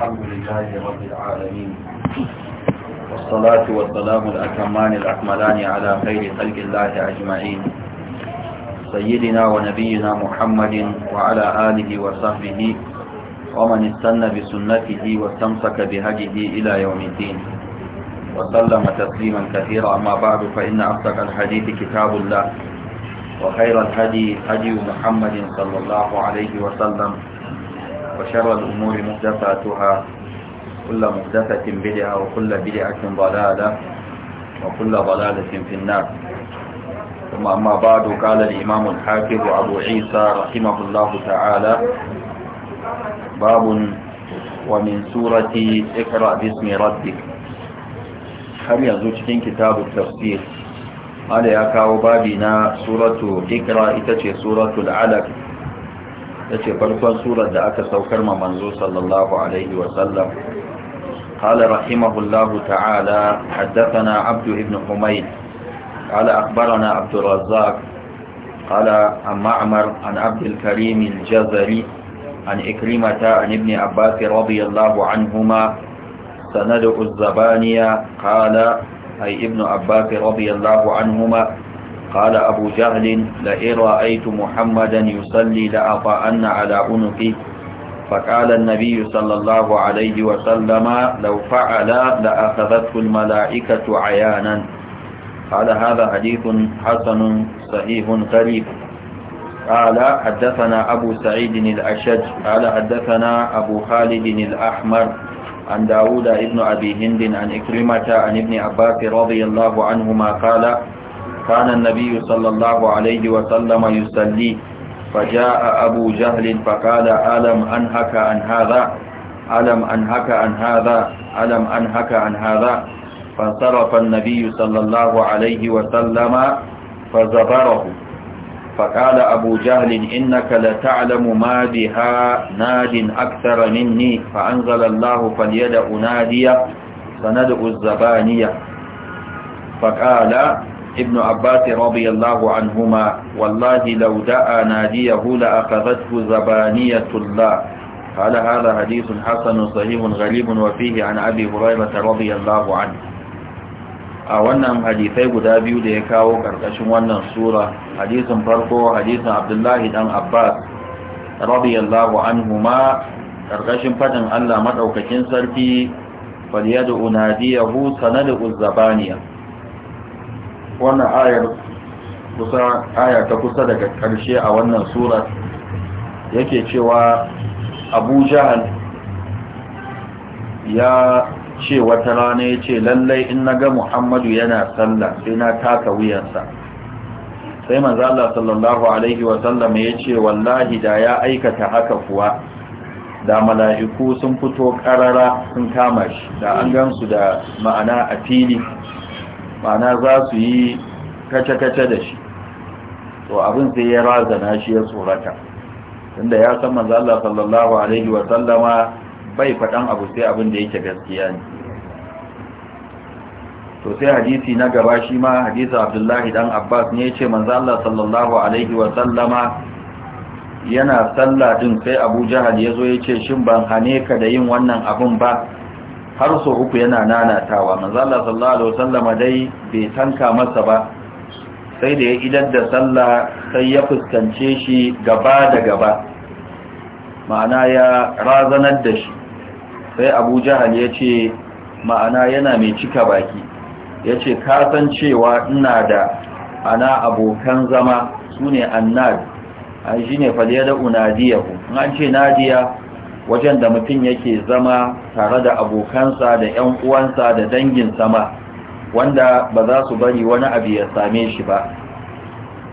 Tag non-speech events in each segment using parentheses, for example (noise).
الحمد لله رب العالمين والصلاة والسلام الأكمان الأكملان على خير خلق الله أجمعين سيدنا ونبينا محمد وعلى آله وصحبه ومن استنى بسنته واستمسك بهجه إلى يوم الدين وسلم تسليما كثيرا أما بعد فإن أصدق الحديث كتاب الله وخير الهدي هدي محمد صلى الله عليه وسلم وشر الأمور مهدفاتها كل مهدفة بدعة وكل بدعة ضلالة وكل ضلالة في النار ثم أما بعد قال الإمام الحافظ أبو عيسى رحمه الله تعالى باب ومن سورة اقرأ باسم ربك هل يزوج كتاب التفسير قال يا كاو بابنا سورة اقرأ إتشي سورة العلق yace farkon surar da aka saukar ma manzo sallallahu alaihi wa sallam قال رحمه الله تعالى حدثنا عبد بن حميد قال أخبرنا عبد الرزاق قال عن معمر عن عبد الكريم الجزري عن إكرمة عن ابن عباس رضي الله عنهما سند الزبانية قال أي ابن عباس رضي الله عنهما قال أبو جهل لئن رأيت محمدا يصلي لأطأن على عنقه فقال النبي صلى الله عليه وسلم لو فعل لأخذته الملائكة عيانا قال هذا حديث حسن صحيح غريب قال حدثنا أبو سعيد الأشج قال حدثنا أبو خالد الأحمر عن داود ابن أبي هند عن إكرمة عن ابن عباس رضي الله عنهما قال كان النبي صلى الله عليه وسلم يصلي فجاء أبو جهل فقال ألم أنهك عن هذا ألم أنهك عن هذا ألم أنهك عن هذا فانصرف النبي صلى الله عليه وسلم فزبره فقال أبو جهل إنك لتعلم ما بها ناد أكثر مني فأنزل الله فليدأ نادية سندأ الزبانية فقال ابن عباس رضي الله عنهما والله لو دعا ناديه لأخذته زبانية الله قال هذا حديث حسن صحيح an وفيه عن أبي هريرة رضي الله عنه wannan hadisai guda biyu da ya kawo ƙarƙashin wannan sura hadithin farko hadithin abdullahi dan abbas radiyallahu anhu ma ƙarƙashin fadin allah maɗaukacin sarfi faliyar unadiyahu sanadu zabaniya wannan ayar kusa aya ta kusa daga ƙarshe a wannan surar yake cewa abu jahal ya ce wata rana ya ce lallai in na ga muhammadu yana sallah sai na taka wuyansa sai manzo Allah sallallahu alaihi wasallam ya ce wallahi da ya aikata haka kuwa da mala'iku sun fito ƙarara sun kama shi da an gansu da ma'ana a fili ma'ana za su yi kace-kace da shi to abin sai ya razana shi ya tsorata tunda ya san manzo Allah sallallahu alaihi wa sallama bai faɗan abu sai abin da yake gaskiya ne to sai hadisi na gaba shi ma hadisi Abdullahi dan Abbas ne yace manzo Allah sallallahu alaihi wa sallama yana sallah din sai Abu Jahal yazo yace shin ban hane ka da yin wannan abin ba har so uku yana nanatawa manzala sallallahu alaihi wasallam dai bai tanka masa ba sai da ya idar da sallah sai ya fuskance shi gaba da gaba ma'ana ya razanar da shi sai abu jahal ya ce ma'ana yana mai cika baki ya ce kasan cewa ina da ana abokan zama su ne annad an shi ne faliyar unadiyahu an ce nadiya wajen da mutum yake zama tare da abokansa da 'yan uwansa da dangin sama wanda ba za su bari wani abu ya same shi ba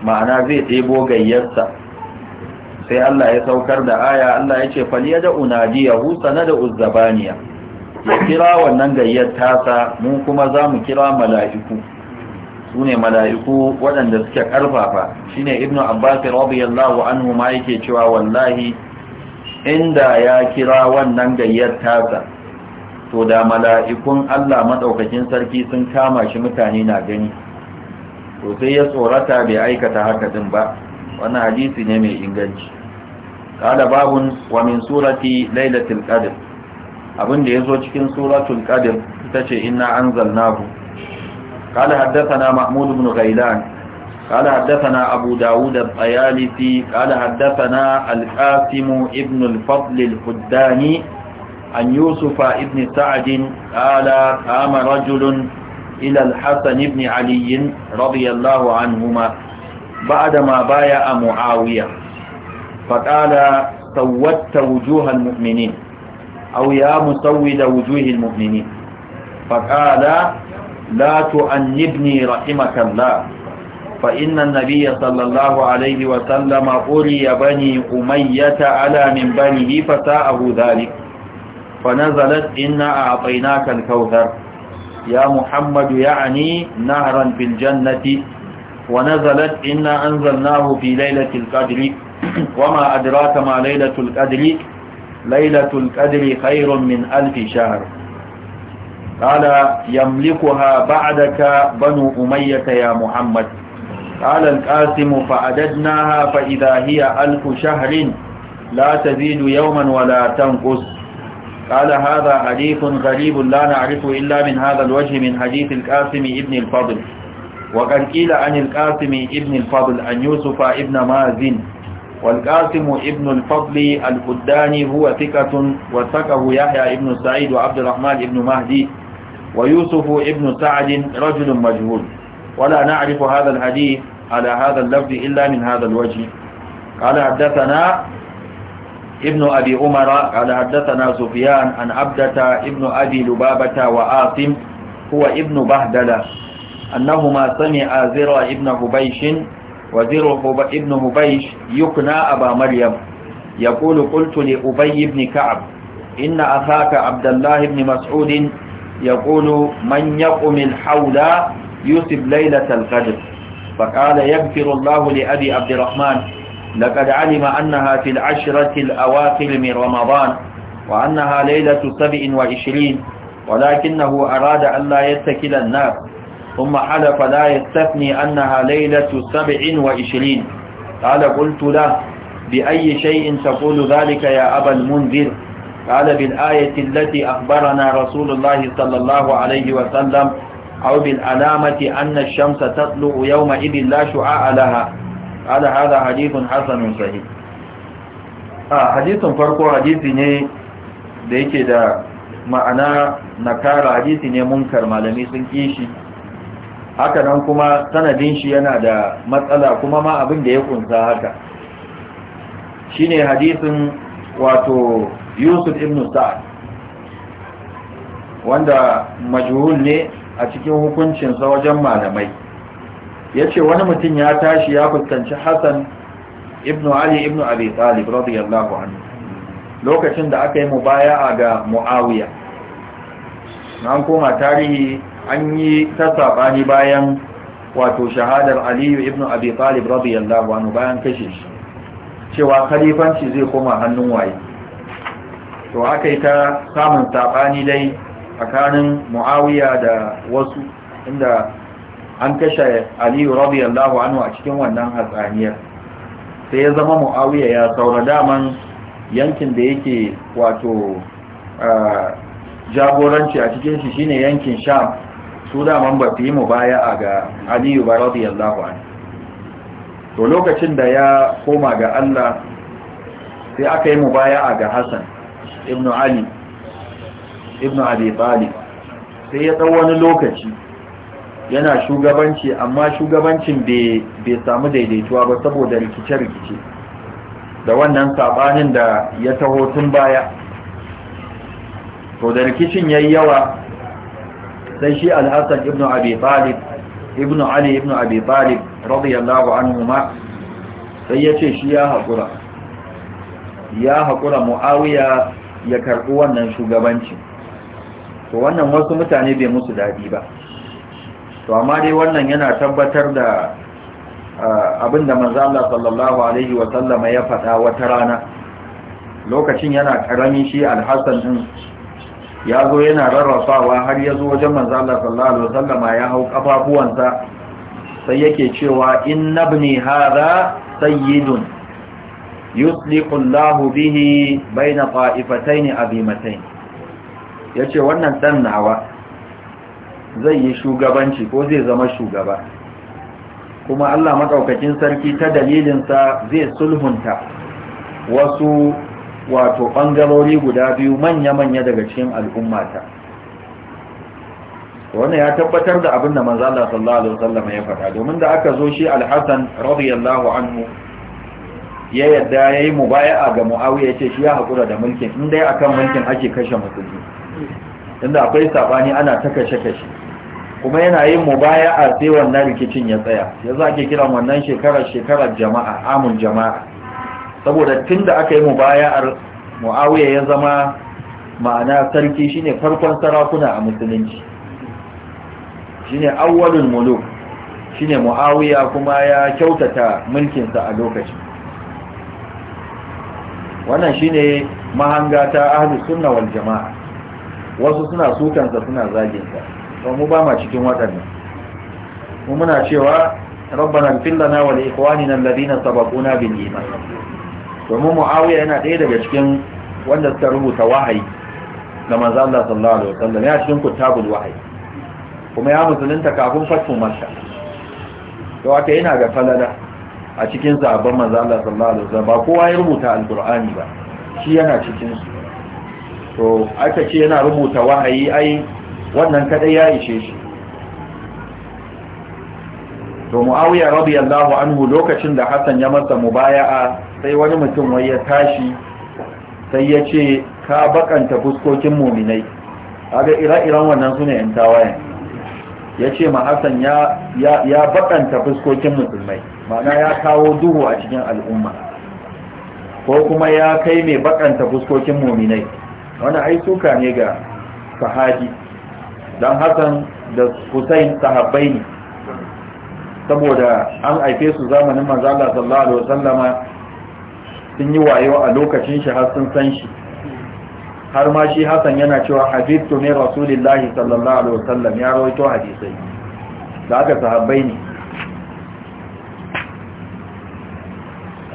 ma'ana zai ɗebo gayyarsa sai Allah ya saukar da aya Allah ya ce faliya da unadiyahu sana da uzzabaniya ya kira wannan gayyar tasa mu kuma za mu kira mala'iku su ne mala'iku waɗanda suke ƙarfafa shine ibnu abbas radiyallahu anhu ma yake cewa wallahi inda ya kira wannan gayyar tasa to da mala'ikun Allah maɗaukakin sarki sun kama shi mutane na gani to sai ya tsorata bai aikata haka din ba wani hadisi ne mai inganci wa min surati lailatul qadr abin da yazo cikin suratul qadr tace inna anzalnahu قال haddathana mahmud ibn ghailan قال حدثنا أبو داود الطيالسي قال حدثنا القاسم ابن الفضل الحداني عن يوسف ابن سعد قال قام رجل إلى الحسن بن علي رضي الله عنهما بعدما بايع معاوية فقال سودت وجوه المؤمنين أو يا مسود وجوه المؤمنين فقال لا تؤنبني رحمك الله فإن النبي صلى الله عليه وسلم أري بني أمية على بنيه فساءه ذلك فنزلت إنا أعطيناك الكوثر يا محمد يعني نهرا في الجنة ونزلت إنا أنزلناه في ليلة القدر (clears throat) وما أدراك ما ليلة القدر ليلة القدر خير من ألف شهر قال يملكها بعدك بنو أمية يا محمد قال القاسم فعددناها فإذا هي ألف شهر لا تزيد يوما ولا تنقص قال هذا حديث غريب لا نعرفه إلا من هذا الوجه من حديث القاسم ابن الفضل وقد قيل عن القاسم ابن الفضل أن يوسف ابن مازن والقاسم ابن الفضل القداني هو ثقة وثقه يحيى ابن سعيد وعبد الرحمن ابن مهدي ويوسف ابن سعد رجل مجهول ولا نعرف هذا الحديث على هذا اللفظ إلا من هذا الوجه قال حدثنا ابن أبي عمر قال حدثنا سفيان عن عبدة ابن أبي لبابة وآصم هو ابن بهدلة أنهما سمع زرع ابن هبيش وزرع ابن هبيش يقنى أبا مريم يقول قلت لأبي بن كعب إن أخاك عبد الله بن مسعود يقول من يقم الحول يوسف ليلة القدر فقال يغفر الله لأبي عبد الرحمن لقد علم أنها في العشرة الأواخر من رمضان وأنها ليلة سبع وعشرين ولكنه أراد أن لا يتكل الناس ثم حلف لا يستثني أنها ليلة سبع وعشرين قال قلت له بأي شيء تقول ذلك يا أبا المنذر قال بالآية التي أخبرنا رسول الله صلى الله عليه وسلم أو alamati أن الشمس تطلع يومئذ لا شعاع لها على هذا حديث حسن صحيح hadisin farko hadisi ne da yake da ma'ana na kara hadisi ne munkar malami sun kishi haka nan kuma sanadin shi yana da matsala kuma ma abin da ya kunsa haka shine hadisin wato yusuf ibn sad wanda majhul ne a cikin hukuncinsa wajen malamai ya ce wani mutum ya tashi ya fuskanci hassan ibn ali ibn abi talib radiyallahu anhu lokacin da aka yi a ga muawiya an koma tarihi an yi ta sabani bayan wato shahadar aliyu ibn abi talib radiyallahu anhu bayan kashe shi cewa khalifanci zai koma hannun waye to aka ta samun saɓani dai tsakanin muawiya da wasu inda an kashe aliyu radiyallahu anhu a cikin wannan hatsaniyar sai ya zama muawiya ya saura daman yankin da yake wato jagoranci a cikin shi shine yankin sham su daman ba fi mu baya a ga aliyu ba radiyallahu anhu to lokacin da ya koma ga Allah sai aka yi mu baya a ga Hassan ibn Ali ibn abi sai ya ɗau wani lokaci yana shugabanci amma shugabancin bai samu daidaituwa ba saboda rikice-rikice da wannan saɓanin da ya taho tun baya to da rikicin ya yi yawa sai shi alhassan ibn abi talib ibn ali ibn abi radiyallahu anhu ma sai ya ce shi ya haƙura ya haƙura mu'awiya ya karɓi wannan shugabancin to wannan wasu mutane bai musu daɗi ba to amma dai wannan yana tabbatar da ah, abin da manzo Allah sallallahu alaihi wa sallama ya faɗa wata rana lokacin yana karami shi al-Hasan din ya zo yana rarrafawa har ya zo wajen manzo Allah sallallahu alaihi wa sallama ya hau kafafuwansa sai yake cewa inna ibni hadha sayyidun yusliqu Allahu bihi bayna qa'ifatayn azimatayn ya ce wannan ɗan nawa zai yi shugabanci ko zai zama shugaba kuma Allah maɗaukakin sarki ta dalilinsa zai sulhunta wasu wato ɓangarori guda biyu manya-manya daga cikin al'ummata wannan ya tabbatar da abin da manzala sallallahu alaihi wasallam ya faɗa domin da aka zo shi alhassan radiyallahu anhu ya yadda yayi mubaya'a ga Muawiya ce shi ya hakura da mulkin in dai akan mulkin ake kashe musulmi inda akwai sabani ana ta kashe-kashe kuma yana yin mubaya'a sai wannan rikicin ya tsaya yanzu ake kiran wannan shekarar shekarar jama'a amun jama'a saboda tun da aka yi mubaya'ar muawiya ya zama ma'ana sarki shine farkon sarakuna a musulunci shine awwalul muluk shine muawiya kuma ya kyautata mulkinsa a lokaci. wannan shine mahanga ta ahlus sunna wal jama'a wasu suna sukansa suna zaginsa to mu ba ma cikin waɗannan mu muna cewa rabbana fil lana wa li ikhwanina alladhina sabaquna bil iman domin muawiya yana ɗaya daga cikin wanda suka rubuta wahayi ga manzo Allah sallallahu alaihi wasallam ya cikin kutabul wahayi kuma ya musulunta kafin fatu makka to haka yana ga falala a cikin sahabban manzo Allah sallallahu alaihi wasallam ba kowa ya rubuta alqur'ani ba shi yana cikin su to aka ce yana rubuta wahayi ai wannan kadai ya ishe shi to muawiya radiyallahu anhu lokacin da hasan ya masa mubaya'a sai wani mutum wai ya tashi sai ya ce ka bakanta fuskokin muminai kaga ira-iran wannan sune yan tawayen ya ce ma hasan ya ya bakanta fuskokin musulmai ma'ana ya kawo duhu a cikin al'umma ko kuma ya kai mai bakanta fuskokin muminai wani ai suka ne ga sahabi don hasan da hussein sahabbai ne saboda an haife su zamanin manzala sallallahu alaihi wasallama sun yi wayo a lokacin shi har sun san shi har ma shi hasan yana cewa hadithu ne rasulillahi sallallahu alaihi wasallam ya rawaito hadisai da aka sahabbai ne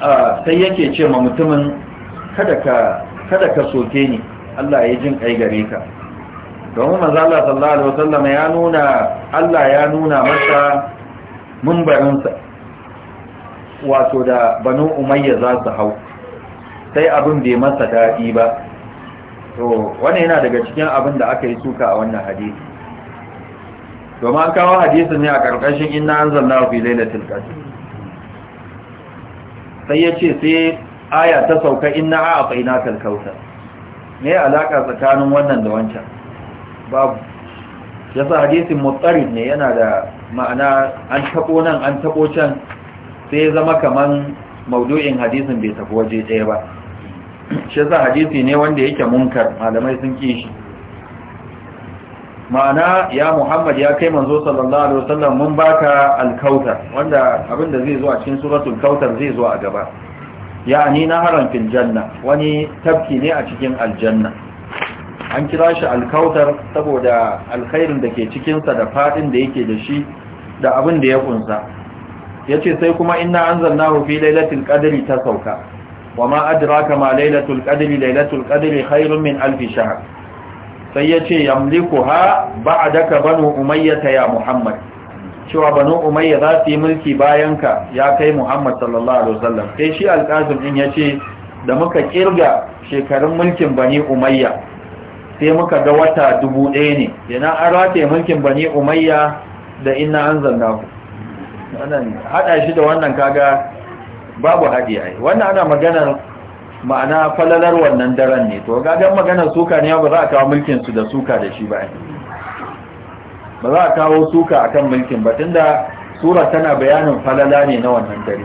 ah, sai yake ce ma mutumin kada ka soke ni Allah ya jin kai gare ka domin manzala sallallahu alaihi wasallam ya nuna Allah ya nuna masa sa wato da banu umayya za su hau sai abin bai masa daɗi ba to wani yana daga cikin abin da aka yi suka a wannan hadisi domin an kawo hadisi ne a ƙarƙashin inna an fi lailatul qadr sai ya ce sai aya ta sauka inna a aqaina kautsar ne alaka tsakanin wannan da wancan babu sa hadisin mutsarin ne yana da ma'ana an tabo nan an taɓo can sai zama kaman maudu'in hadisin bai tafi waje ɗaya ba shi sa hadisi ne wanda yake munkar malamai sun ki shi ma'ana ya muhammad ya kai manzo sallallahu alaihi wasallam mun baka alkautar wanda abin da zai zo a cikin suratul kautar zai zo a gaba yani na fil janna wani tafki ne a cikin aljanna an kira shi alkautar saboda alkhairin da ke cikinsa da fadin da yake da shi da abin da ya kunsa ya ce sai kuma inna an zanna fi lailatul qadri ta sauka wa ma adraka ma lailatul qadri lailatul qadri khairun min alfi shahr sai ya ce yamlikuha ba'daka banu umayyah ya muhammad cewa banu umayya za su yi mulki bayan ka ya kai muhammad sallallahu alaihi wasallam sai shi alƙasim din ya ce da muka kirga shekarun mulkin bani umayya sai muka ga wata dubu ɗaya ne yana an rataye mulkin bani umayya da inna an zanna ku haɗa shi da wannan kaga babu haɗi ai wannan ana maganar ma'ana falalar wannan daren ne to gagan maganar suka ne ba za a kawo mulkin su da suka da shi ba ba za a kawo suka kan mulkin ba tunda sura tana bayanin falala ne na wannan dare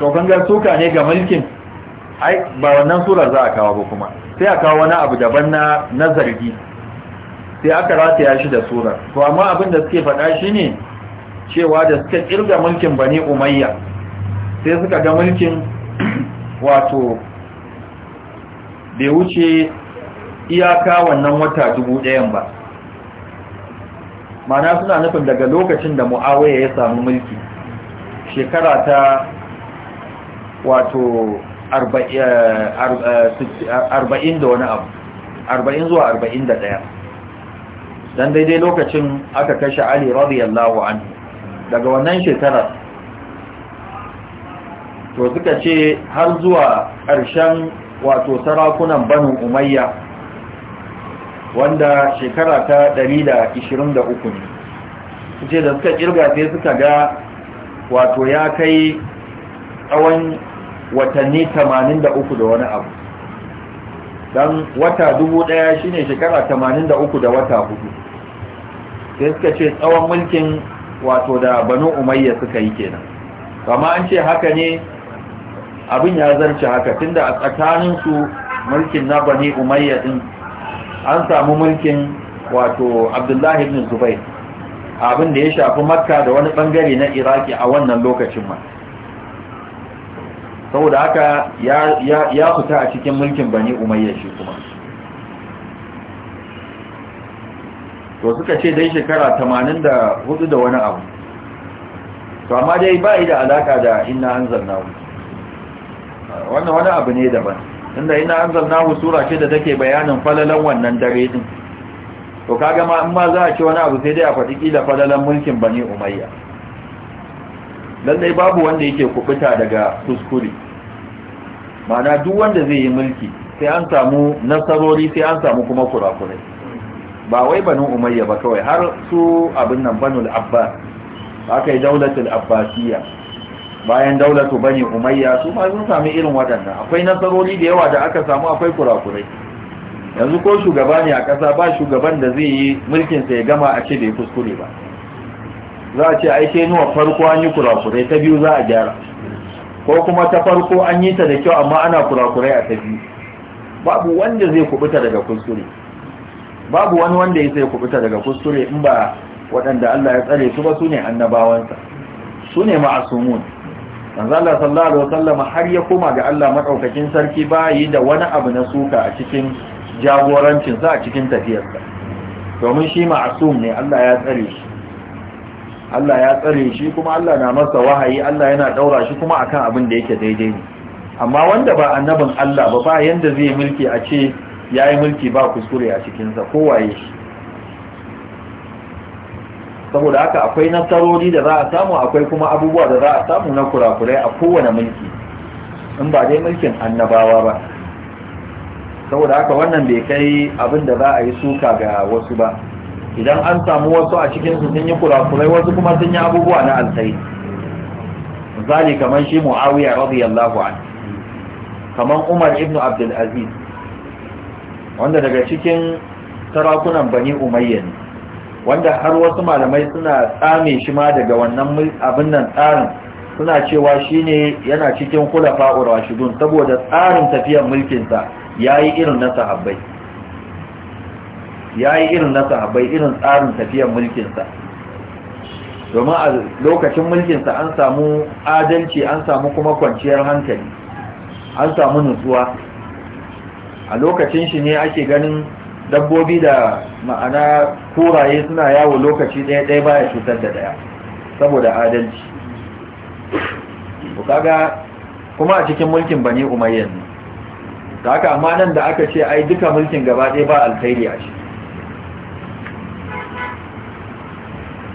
to kan ga suka ne ga mulkin ai ba wannan sura za a kawo ba kuma sai a kawo wani abu daban na nazargi sai aka rataya shi da sura to amma abin da suke faɗa shi ne cewa da suka kirga mulkin bani umayya sai suka ga mulkin (clears throat) wato bai wuce iyaka wannan wata dubu ɗayan ba mana suna nufin daga lokacin da mu'awaya ya samu mulki shekara ta wato 40 eh, eh, eh, da wani abu 40 zuwa 41 dan daidai lokacin aka kashe Ali radiyallahu anhu daga wannan shekarar to suka ce har zuwa ƙarshen wato sarakunan banin umayya wanda shekara ta 123 ne ce da suka kirga sai suka ga wato ya kai tsawon watanni 83 da wani abu don wata 1000 shine shekara 83 da wata hudu sai suka ce tsawon mulkin wato da banu umayya suka yi kenan kama an ce haka ne abin ya zarce haka tunda a tsakaninsu mulkin na bani umayya ɗin. an samu mulkin wato abdullahi ibn zubair abin da ya shafi makka da wani bangare na iraki a wannan lokacin ma saboda haka ya fita a cikin mulkin bani umayya shi kuma to suka ce dai shekara 84 da wani abu to amma dai ba da alaka da inna an wannan wani abu ne daban tunda ina hu sura ce da take bayanin falalan wannan dare din to kaga ma in ma za a ce wani abu sai dai a faɗi kila falalan mulkin bani umayya lallai babu wanda yake kubuta daga kuskure ma'ana duk wanda zai yi mulki sai an samu nasarori sai an samu kuma kurakurai ba wai banu umayya ba kawai har su abin nan banul abbas aka yi daulatul abbasiyya bayan daulatu bani umayya su ma sun sami irin waɗannan akwai nasarori da yawa da aka samu akwai kurakurai yanzu ko shugaba ne a ƙasa ba shugaban da zai yi mulkin sa ya gama a ce bai kuskure ba za a ce aike nuwa farko an yi kurakurai ta biyu za a gyara ko kuma ta farko an yi ta da kyau amma ana kurakurai a ta biyu babu wanda zai kubuta daga kuskure babu wani wanda ya sai kubuta daga kuskure in ba waɗanda Allah ya tsare su ba su ne annabawansa su ne ma'asumun manzo Allah sallallahu alaihi wasallam har ya koma ga Allah madaukakin sarki bayi da wani abu na suka a cikin jagorancin sa a cikin tafiyarsa domin shi ma'asum ne Allah ya tsare shi Allah ya tsare shi kuma Allah na masa wahayi Allah yana daura shi kuma akan abin da yake daidai ne amma wanda ba annabin Allah ba ba yanda zai mulki a ce yayi mulki ba kuskure a cikin sa waye. shi saboda haka akwai nasarori da za a samu akwai kuma abubuwa da za a samu na kurakurai a kowane mulki in ba dai mulkin annabawa ba saboda haka wannan bai kai abin da za a yi suka ga wasu ba idan an samu wasu a cikinsu sun yi kurakurai wasu kuma sun yi abubuwa na alsai misali kamar shi muawiya radiyallahu anhu kamar umar ibn abdul aziz wanda daga cikin sarakunan bani umayya ne wanda har wasu malamai suna tsame shi ma daga wannan abin nan tsarin suna cewa shi ne yana cikin kulafa urashidun saboda tsarin tafiyar mulkinsa yi irin na sahabbai yi irin na sahabbai irin tsarin tafiyar mulkinsa domin a lokacin mulkinsa an samu adalci an samu kuma kwanciyar hankali an samu nutsuwa a lokacin shi ne ake ganin dabbobi da ma'ana kuraye suna yawo lokaci ɗaya ɗaya baya cutar da ɗaya saboda adalci kaga kuma a cikin mulkin bane umayyan ne da haka amma nan da aka ce ai duka mulkin gaba ɗaya ba alkhairi a shi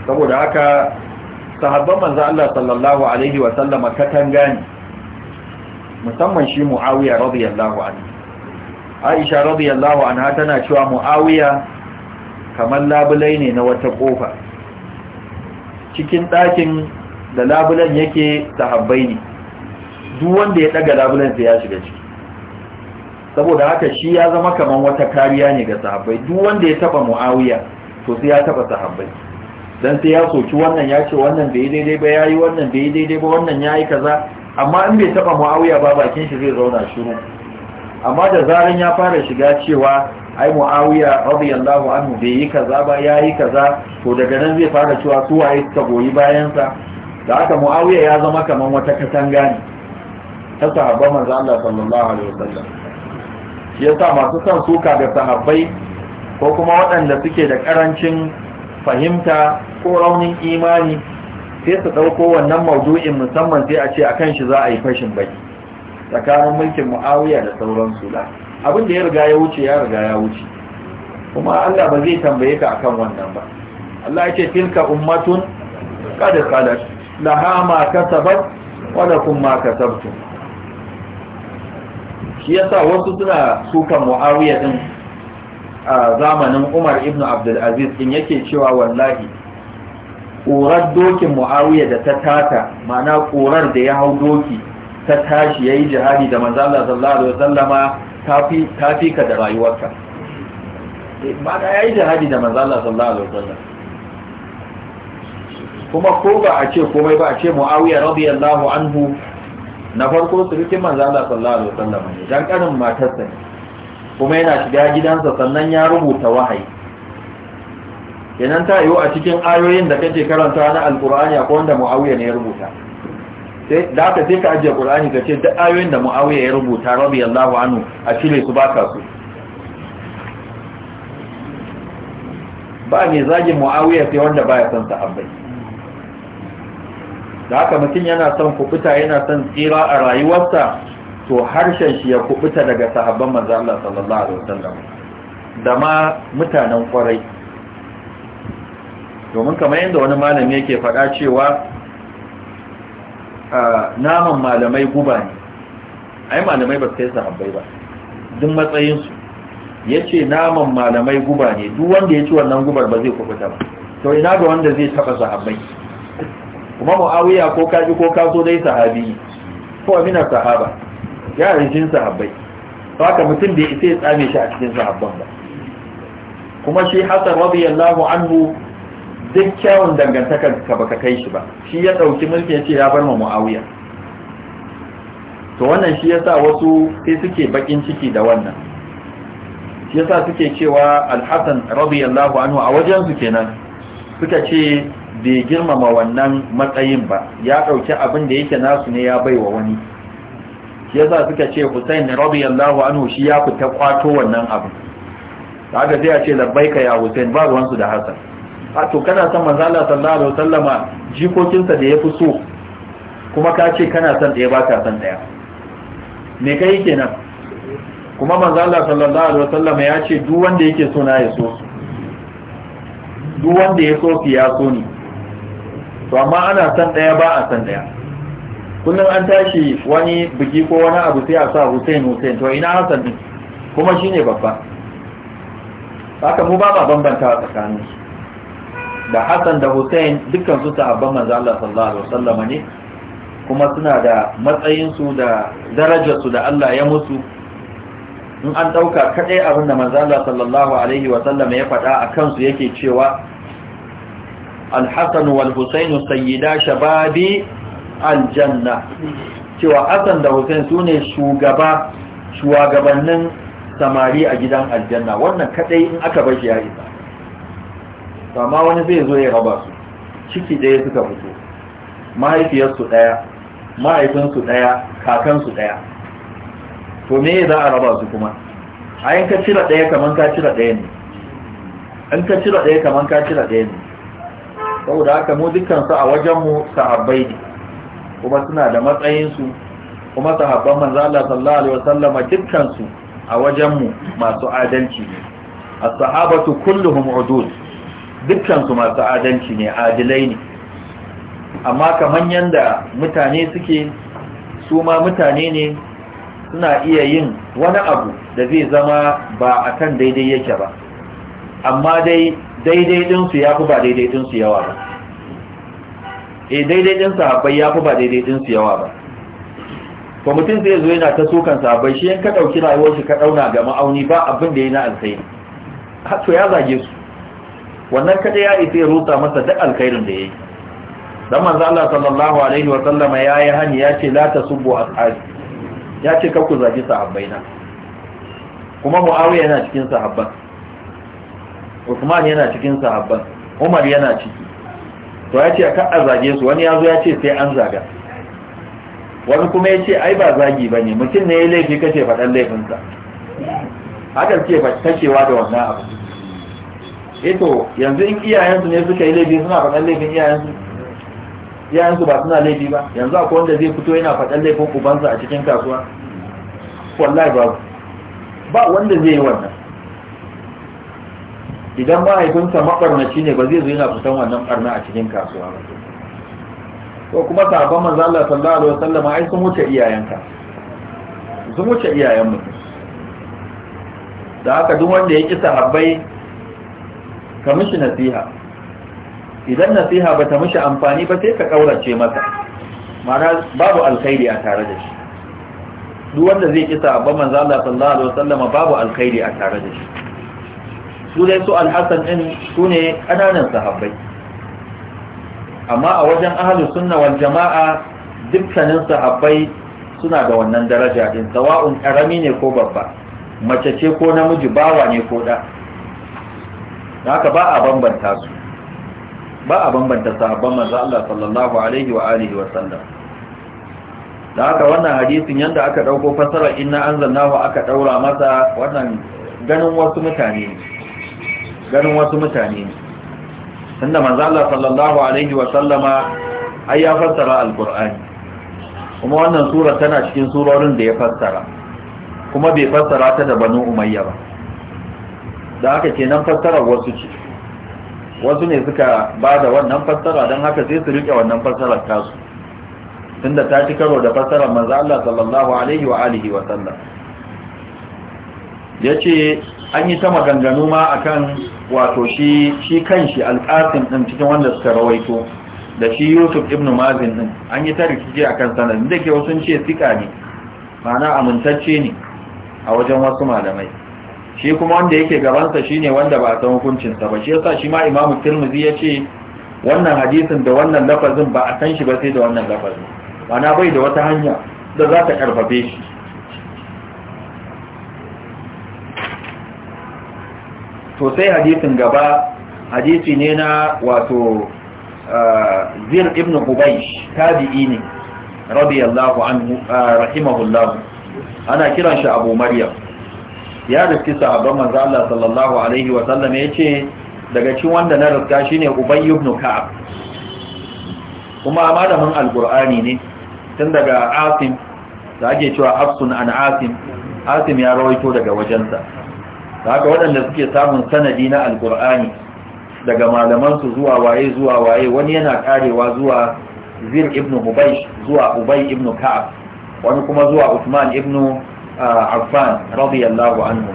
saboda haka sahabban manzo Allah sallallahu alaihi wa sallama katanga ne musamman shi Muawiya radiyallahu anhu aisha radiyallahu anha tana cewa muawiya kamar labulai ne na wata kofa cikin ɗakin da labulan yake sahabbai ne duk wanda ya daga labulan sai ya shiga ciki saboda haka shi ya zama kamar wata kariya ne ga sahabbai duk wanda ya taba muawiya to sai ya taba sahabbai dan sai ya soki wannan ya ce wannan bai daidai ba yayi wannan bai daidai ba wannan yayi kaza amma in bai taba muawiya ba bakin shi zai zauna shiru amma da zaran ya fara shiga cewa ai muawiya radiyallahu anhu bai yi kaza ba yayi kaza to daga nan zai fara cewa su waye suka goyi bayan sa da haka muawiya ya zama kaman wata katanga ne ta sahabban manzo Allah sallallahu alaihi wasallam shi yasa masu son suka da sahabbai ko kuma waɗanda suke da karancin fahimta ko raunin imani sai su ɗauko wannan maudu'in musamman sai a ce akan shi za a yi fashin baki tsakanin mulkin muawiya da sauransu da abin da ya riga ya wuce ya riga ya wuce kuma Allah ba zai tambaye ka akan wannan ba Allah ya ce tilka ummatun qad qalat laha ma kasabat wa lakum ma kasabtum shi yasa wasu suna sukan muawiya din a zamanin Umar ibn Abdul Aziz din yake cewa wallahi ƙorar dokin mu'awiyar da ta tata ma'ana ƙorar da ya hau doki ta tashi yayi jihadi da Manzala Allah sallallahu alaihi wasallama tafi tafi ka da rayuwarka eh, ba da yayi jihadi da manzala sallallahu alaihi kuma ko ba a ce komai ba a ce Muawiya radiyallahu anhu na farko surukin manzo manzala sallallahu alaihi wasallam ne dan karin matarsa ne kuma yana shiga gidansa sannan ya rubuta wahayi kenan ta yiwu a cikin ayoyin da kake karanta na alkur'ani akwai wanda muawiya ne ya rubuta da aka sai ka ajiye ƙulani ka ce duk ayoyin da mu'awiyar ya rubuta yallahu anu a cire su baka su ba ne zagin mu'awiyar sai wanda ba ya san sahabbai da aka mutum yana son kubuta yana son tsira a rayuwarsa to harshen shi ya kubuta daga sahabban manzo sallallahu alaihi wasallam da ma mutanen kwarai domin kamar yadda wani malami yake faɗa cewa naman malamai guba ne ai malamai ba su kai sahabbai ba duk matsayinsu ya ce naman malamai guba ne duk wanda ya ci wannan gubar ba zai kufuta ba to ina ga wanda zai taba sahabbai kuma mu'awiya ko kaji ko so dai sahabi ko amina sahaba ya rijin sahabbai to haka mutum da ya isa ya tsame shi a cikin sahabban ba kuma shi hasan radiyallahu anhu duk kyawun dangantakar ka baka kai shi ba shi ya ɗauki mulki ya ce ya bar ma mu'awiya to wannan shi yasa wasu sai suke bakin ciki da wannan shi yasa suke cewa alhassan radiyallahu anhu a wajen su kenan suka ce bai girmama wannan matsayin ba ya ɗauki abin da yake nasu ne ya baiwa wani shi yasa suka ce Hussein radiyallahu anhu shi ya fita kwato wannan abin kaga sai a ce labbaika ya Hussein ba ruwansu da Hassan a to kana son manzo Allah sallallahu alaihi wasallama jikokinsa da yafi so kuma ka ce kana son ɗaya baka son ɗaya me kai kenan kuma manzo Allah sallallahu alaihi wasallama ya ce duk wanda yake so na ya so duk wanda ya so ki ya so ni to amma ana son ɗaya ba a son ɗaya kullum an tashi wani biki ko wani abu sai a sa Hussein Hussein to ina Hassan din kuma shine babba haka mu ba ma bambanta tsakaninsu da Hassan da Hussein dukkan su sahabban manzo Allah sallallahu alaihi wasallam ne kuma suna da matsayin su da darajar su da Allah ya musu in an dauka kadai abin da manzo Allah sallallahu alaihi wasallam ya faɗa akan su yake cewa al hassan wal Hussein sayyida shababi aljanna cewa Hassan da Hussein sune shugaba shugabannin samari a gidan aljanna wannan kadai in aka bar shi ya isa to amma wani zai zo ya raba su ciki ɗaya suka fito mahaifiyarsu ɗaya mahaifinsu ɗaya kakansu ɗaya to me za a raba su kuma a yin ka cire ɗaya kamar ka cire ɗaya ne in ka cire ɗaya kamar ka cire ɗaya ne saboda haka mu dukkansu a wajenmu sahabbai ne kuma suna da matsayinsu kuma sahabban manzo Allah sallallahu alaihi wasallam dukkansu a wajenmu masu adalci ne as-sahabatu kulluhum udud dukkansu masu adalci ne adilai ne amma kamar yadda mutane suke su ma mutane ne suna iya yin wani abu da zai zama ba a kan daidai yake ba amma dai daidai ɗinsu ya fi ba daidai ɗinsu yawa ba e daidai ya fi ba daidai yawa ba ko mutum zai zo yana ta sukan sabai shi in ka ɗauki rayuwar shi ka ɗauna ga ma'auni ba abin da ya na alkhairi to ya zage su wannan kada ya isa ya rusa masa duk alkhairin da yayi dan manzo Allah sallallahu alaihi wa sallama yayi hani yace la tasubbu ashabi yace ka ku zagi sahabbaina kuma Muawiya yana cikin sahabban Uthman yana cikin sahabban Umar yana ciki to yace ka a zage su wani yazo yace sai an zaga wani kuma yace ai ba zagi bane mutum ne ya laifi kace fadan laifinsa haka ce kacewa da wannan abu eto eh yanzu in iyayensu ne suka yi laifi suna faɗan laifin iyayensu iyayensu ba suna laifi ba yanzu akwai wanda zai fito yana faɗan laifin ubansa a cikin kasuwa wallahi babu ba wanda zai yi wannan idan mahaifinsa maɓarnaci ne ba zai zo yana fitan wannan ɓarna a cikin kasuwa ba ko kuma sahabban manzo Allah sallallahu alaihi wasallam ai sun wuce iyayenka sun wuce iyayen mutum da haka duk wanda ya ƙi sahabbai ka mishi nasiha idan nasiha ba ta mishi amfani ba sai ka ƙaurace masa mana babu alkhairi a tare da shi duk wanda zai kisa ba manzo Allah sallallahu alaihi wasallama babu alkhairi a tare da shi su dai su al sune kananan sahabbai amma a wajen ahlus sunna wal jama'a dukkanin sahabbai suna da wannan daraja din sawa'un karami ne ko babba mace ce ko namiji bawa ne ko da da haka ba a bambanta su ba a bambanta sahabban manzo Allah sallallahu alaihi wa alihi wa sallam da haka wannan hadisin yanda aka dauko fasara inna anzalnahu aka daura masa wannan ganin wasu mutane ganin wasu mutane tunda manzo Allah sallallahu alaihi wa sallama ai ya fassara alqur'ani kuma wannan sura tana cikin surorin da ya fassara kuma bai fassara ta da banu umayya ba da haka kenan fassara wasu ce wasu ne suka ba da wannan fassara don haka sai su riƙe wannan fassarar tun tunda ta ci karo da fassarar manzo Allah sallallahu alaihi wa alihi wa sallam yace an yi ta maganganu ma akan wato shi shi kanshi alqasim din cikin wanda suka rawaito da shi Yusuf ibn Mazin din an yi ta rikici akan sanadin da ke wasu ce tsika ne ma'ana amintacce ne a wajen wasu malamai shi kuma wanda yake gabansa shine wanda ba san hukuncinsa ba shi yasa shi ma imamu tirmidhi ya ce wannan hadisin da wannan lafazin ba a san shi ba sai da wannan lafazin mana bai da wata hanya da za ta karfafe shi to sai hadisin gaba hadisi ne na wato uh, zir ibn hubaysh tabi'i ne radiyallahu anhu uh, rahimahullahu ana kiran shi abu maryam ya riski sahabban manzo Allah sallallahu alaihi wa sallam yace daga cikin wanda na riska shine Ubay ibn Ka'ab kuma malamin alqur'ani ne tun daga Asim da ake cewa Afsun an Asim Asim ya rawaito daga wajensa haka waɗanda suke samun sanadi na alqur'ani daga malaman su zuwa waye zuwa waye wani yana karewa zuwa Zir ibn Hubaysh zuwa Ubay ibn Ka'ab wani kuma zuwa Uthman ibn Affan radiyallahu anhu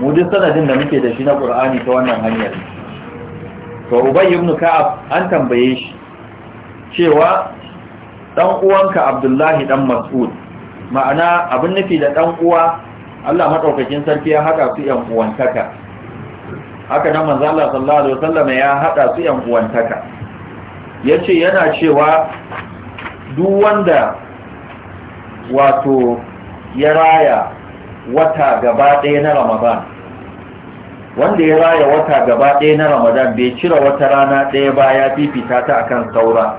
mu duk sanadin da muke da shi na Qur'ani ta wannan hanyar to Ubay ibn Ka'ab an tambaye shi cewa dan uwanka Abdullahi dan Mas'ud ma'ana abin nufi da dan uwa Allah madaukakin sarki ya hada su yan uwantaka haka nan manzo Allah sallallahu alaihi wasallam ya hada su yan uwantaka yace yana cewa duk wanda wato ya raya wata gaba ɗaya na ramadan wanda ya raya wata gaba ɗaya na ramadan bai cire wata rana ɗaya ba ya fifita ta akan saura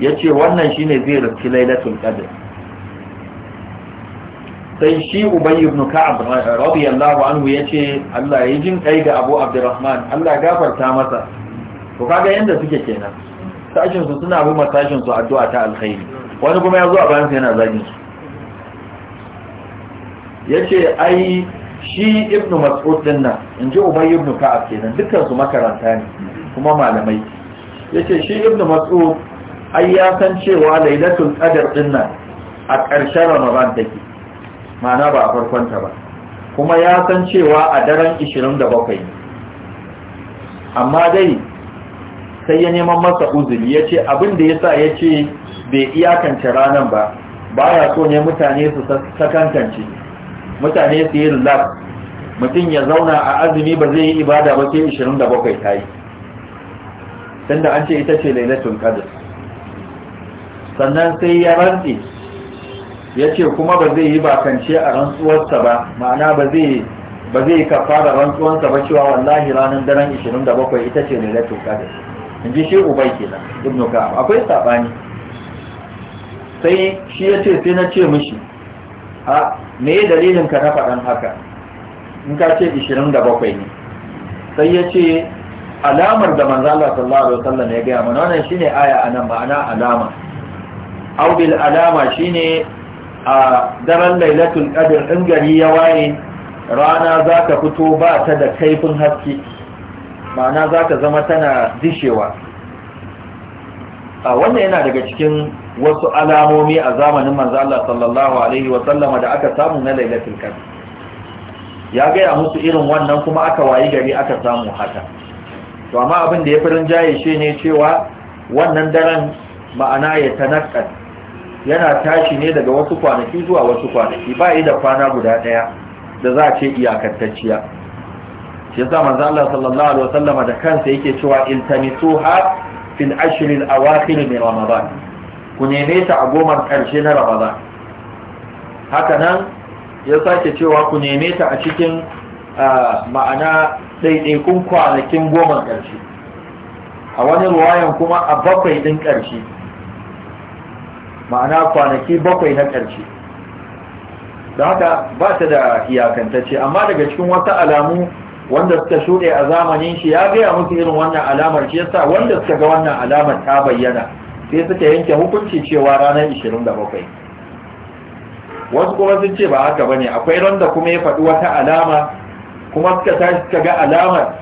ya ce wannan shi ne zai rufi lailatul qadr sai shi ubayi ibn ka'ab radiyallahu anhu ce Allah ya jin kai ga Abu Abdurrahman Allah gafarta masa Ku kaga yanda suke kenan Sashinsu suna bi masashinsu addu'a ta alkhairi wani kuma zo a bayan yana zagin su yace ai shi ibn mas'ud din nan in ji ubay ibn ka'ab kenan dukkan su makaranta ne kuma malamai yace shi ibn mas'ud ai ya san cewa lailatul qadr din nan a ƙarshen ramadan take ma'ana ba a farkon ta ba kuma ya san cewa a daren 27 ne amma dai sai ya neman masa uzuri yace abin da yasa yace bai iyakance ranan ba baya so ne mutane su sakantance mutane su yi lulaf mutum ya zauna a azumi ba zai yi ibada ba ke 27 ta yi tunda an ce ita ce lailatul qadr sannan sai ya rantsi ya ce kuma ba zai yi bakance a rantsuwarsa ba ma'ana ba zai ba zai kafara rantsuwarsa ba cewa wallahi ranar daren 27 ita ce lailatul qadr in ji shi ubai nan ibnu ka akwai sabani sai shi ya ce sai na ce mishi a me dalilin ka na faɗan haka in ka ce da bakwai ne sai ya ce alamar da manzo Allah sallallahu alaihi wasallam ya gaya mana wannan shine aya anan ma'ana alama aw bil alama shine a daren lailatul qadr in gari ya waye rana za ta fito ba ta da kaifin haske ma'ana za ta zama tana dishewa A wannan yana daga cikin wasu alamomi a zamanin manzo Allah sallallahu alaihi wa sallama da aka samu na lailatul qadr ya gaya musu irin wannan kuma aka wayi gari aka samu haka to amma abin da ya fi rinjaye shi cewa wannan daren ma'ana ya tanakkal yana tashi ne daga wasu kwanaki zuwa wasu kwanaki ba yi da kwana guda ɗaya da za a ce iyakantacciya shi yasa manzo Allah sallallahu alaihi wa sallama da kansa yake cewa iltamisuha fil ashirin a min ramadan ku neme ta a goman ƙarshe na ramadan haka nan ya sake cewa ku neme ta a cikin ma'ana ɗaiɗaikun kwanakin goma ƙarshe a wani ruwayan kuma a bakwai ɗin ƙarshe ma'ana kwanaki bakwai na ƙarshe da haka ba ta da iyakantacce amma daga cikin wata alamu wanda suka shuɗe a zamanin shi ya gaya musu irin wannan alamar shi yasa wanda suka ga wannan alamar ta bayyana sai suka yanke hukunci cewa ranar 27 wasu kuma sun ce ba haka bane akwai randa kuma ya faɗi wata alama kuma suka tashi suka ga alamar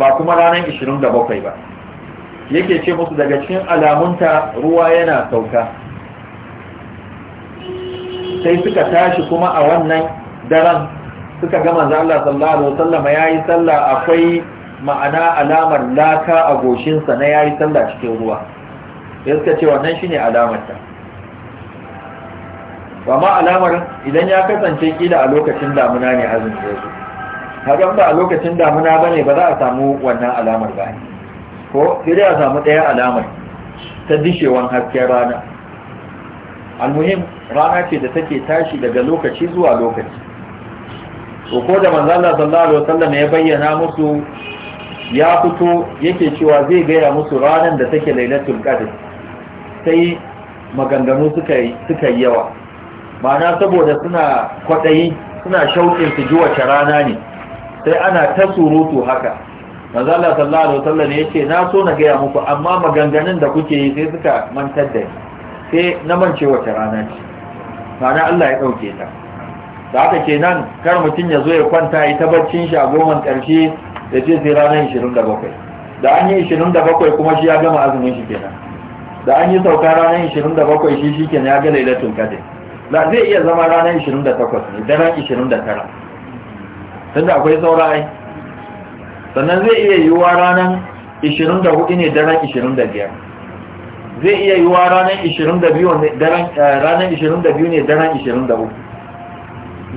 ba kuma ranar 27 ba yake ce musu daga cikin alamunta ruwa yana sauka sai suka tashi kuma a wannan daren suka gama manzo Allah sallallahu alaihi wasallam yayi sallah akwai ma'ana alamar laka a goshinsa na yayi sallah cikin ruwa sai suka ce wannan shine alamar ta ma alamar idan ya kasance kila a lokacin damuna ne azun ya zo hakan ba a lokacin damuna bane ba za a samu wannan alamar ba ko sai dai a samu ɗaya alamar ta dishewan hasken rana almuhim rana ce da take tashi daga lokaci zuwa lokaci to ko da manzo sallallahu alaihi wasallam ya bayyana musu ya fito yake cewa zai gaya musu ranar da take lailatul qadr sai maganganu suka yi suka yi yawa ma'ana saboda suna kwadayi suna shauƙin su ji wace rana ne sai ana ta surutu haka manzo sallallahu alaihi wasallam ce na so na gaya muku amma maganganun da kuke yi sai suka mantar da ni sai na mance wace rana ce ma'ana Allah ya ɗauke ta da haka nan, kar mutum ya zo ya kwanta ya ta barcin shi a goman ƙarshe da ce sai ranar ishirin da bakwai. Da an yi ishirin da bakwai kuma shi ya gama azumin shi kenan da an yi sauka ranar ishirin bakwai shi shi kenan ya ga lailatul qadr na zai iya zama ranar ishirin da takwas ne da tara? tunda akwai saurayi sannan zai iya yiwuwa ranar ishirin da hudu ne ishirin da biyar. zai iya yiwuwa ranar ishirin da biyu ne ishirin da uku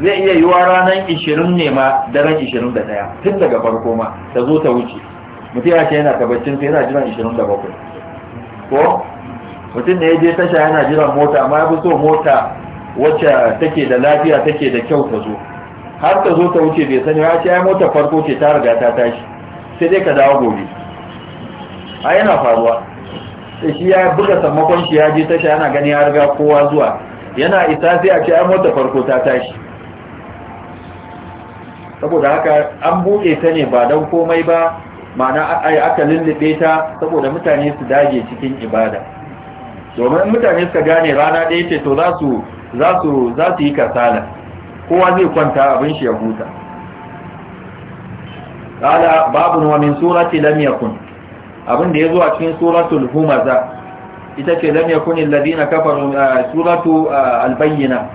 zai iya yiwa ranar ishirin ne ma daren daya tun daga farko ma ta zo ta wuce mutum ya ce yana tabbacin sai yana jiran ishirin da bakwai. ko mutum ne ya je tasha yana jiran mota amma ya fi so mota wacce take da lafiya take da kyau ta zo har ta zo ta wuce bai sani ya ce ai mota farko ce ta riga ta tashi sai dai ka dawo gobe a yana faruwa sai shi ya buga sammakon shi ya je tasha yana gani ya riga kowa zuwa yana isa sai a ce ai mota farko ta tashi saboda haka an buɗe ta ne ba don komai ba ma'ana aka lullube ta saboda mutane su dage cikin ibada domin mutane suka gane rana ɗaya ce to za su yi kasala kowa zai kwanta abin shi ya huta qala babun wa min surati lam yakun abin da yazo a cikin suratul humaza ita ce lam yakun alladhina kafaru suratu al-bayyina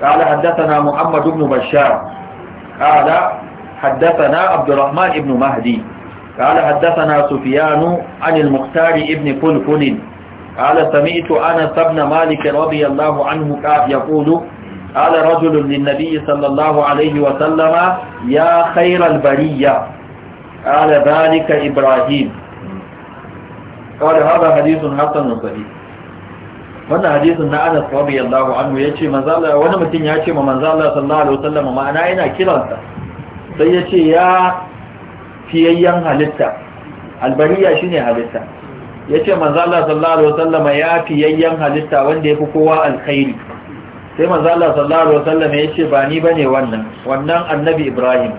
qala haddathana muhammad ibn bashar قال حدثنا عبد الرحمن بن مهدي قال حدثنا سفيان عن المختار بن فلفل قال سمعت أنس بن مالك رضي الله عنه يقول قال رجل للنبي صلى الله عليه وسلم يا خير البرية قال ذلك إبراهيم قال هذا حديث حسن صحيح wannan hadisin na Anas radiyallahu anhu yace manzo Allah wani mutum ya ce ma manzo Allah sallallahu alaihi wasallam ma'ana yana kiransa sai yace ya fiyayyan halitta albariya shine halitta yace manzo Allah sallallahu alaihi wasallam ya fiyayyan halitta wanda yake kowa alkhairi sai manzo Allah sallallahu alaihi wasallam yace ba ni bane wannan wannan annabi Ibrahim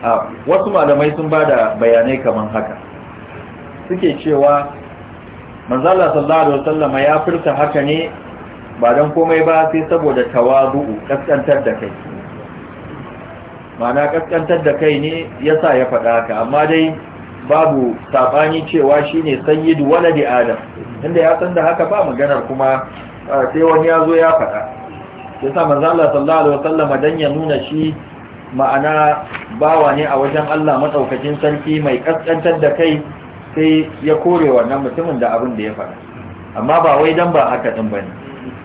a wasu malamai sun bada bayanai kaman haka suke cewa manzala sallallahu alaihi wasallam ya furta haka ne ba dan komai ba sai saboda tawazu'u kaskantar da kai mana kaskantar da kai ne yasa ya faɗa haka amma dai babu sabani cewa shine sayyidu waladi adam inda ya san da haka ba maganar kuma sai wani ya zo ya faɗa yasa manzala sallallahu alaihi wasallam dan ya nuna shi ma'ana bawa ne a wajen Allah madaukakin sarki mai kaskantar da kai sai ya kore wannan mutumin da abin da ya faɗa amma ba wai dan ba haka din bane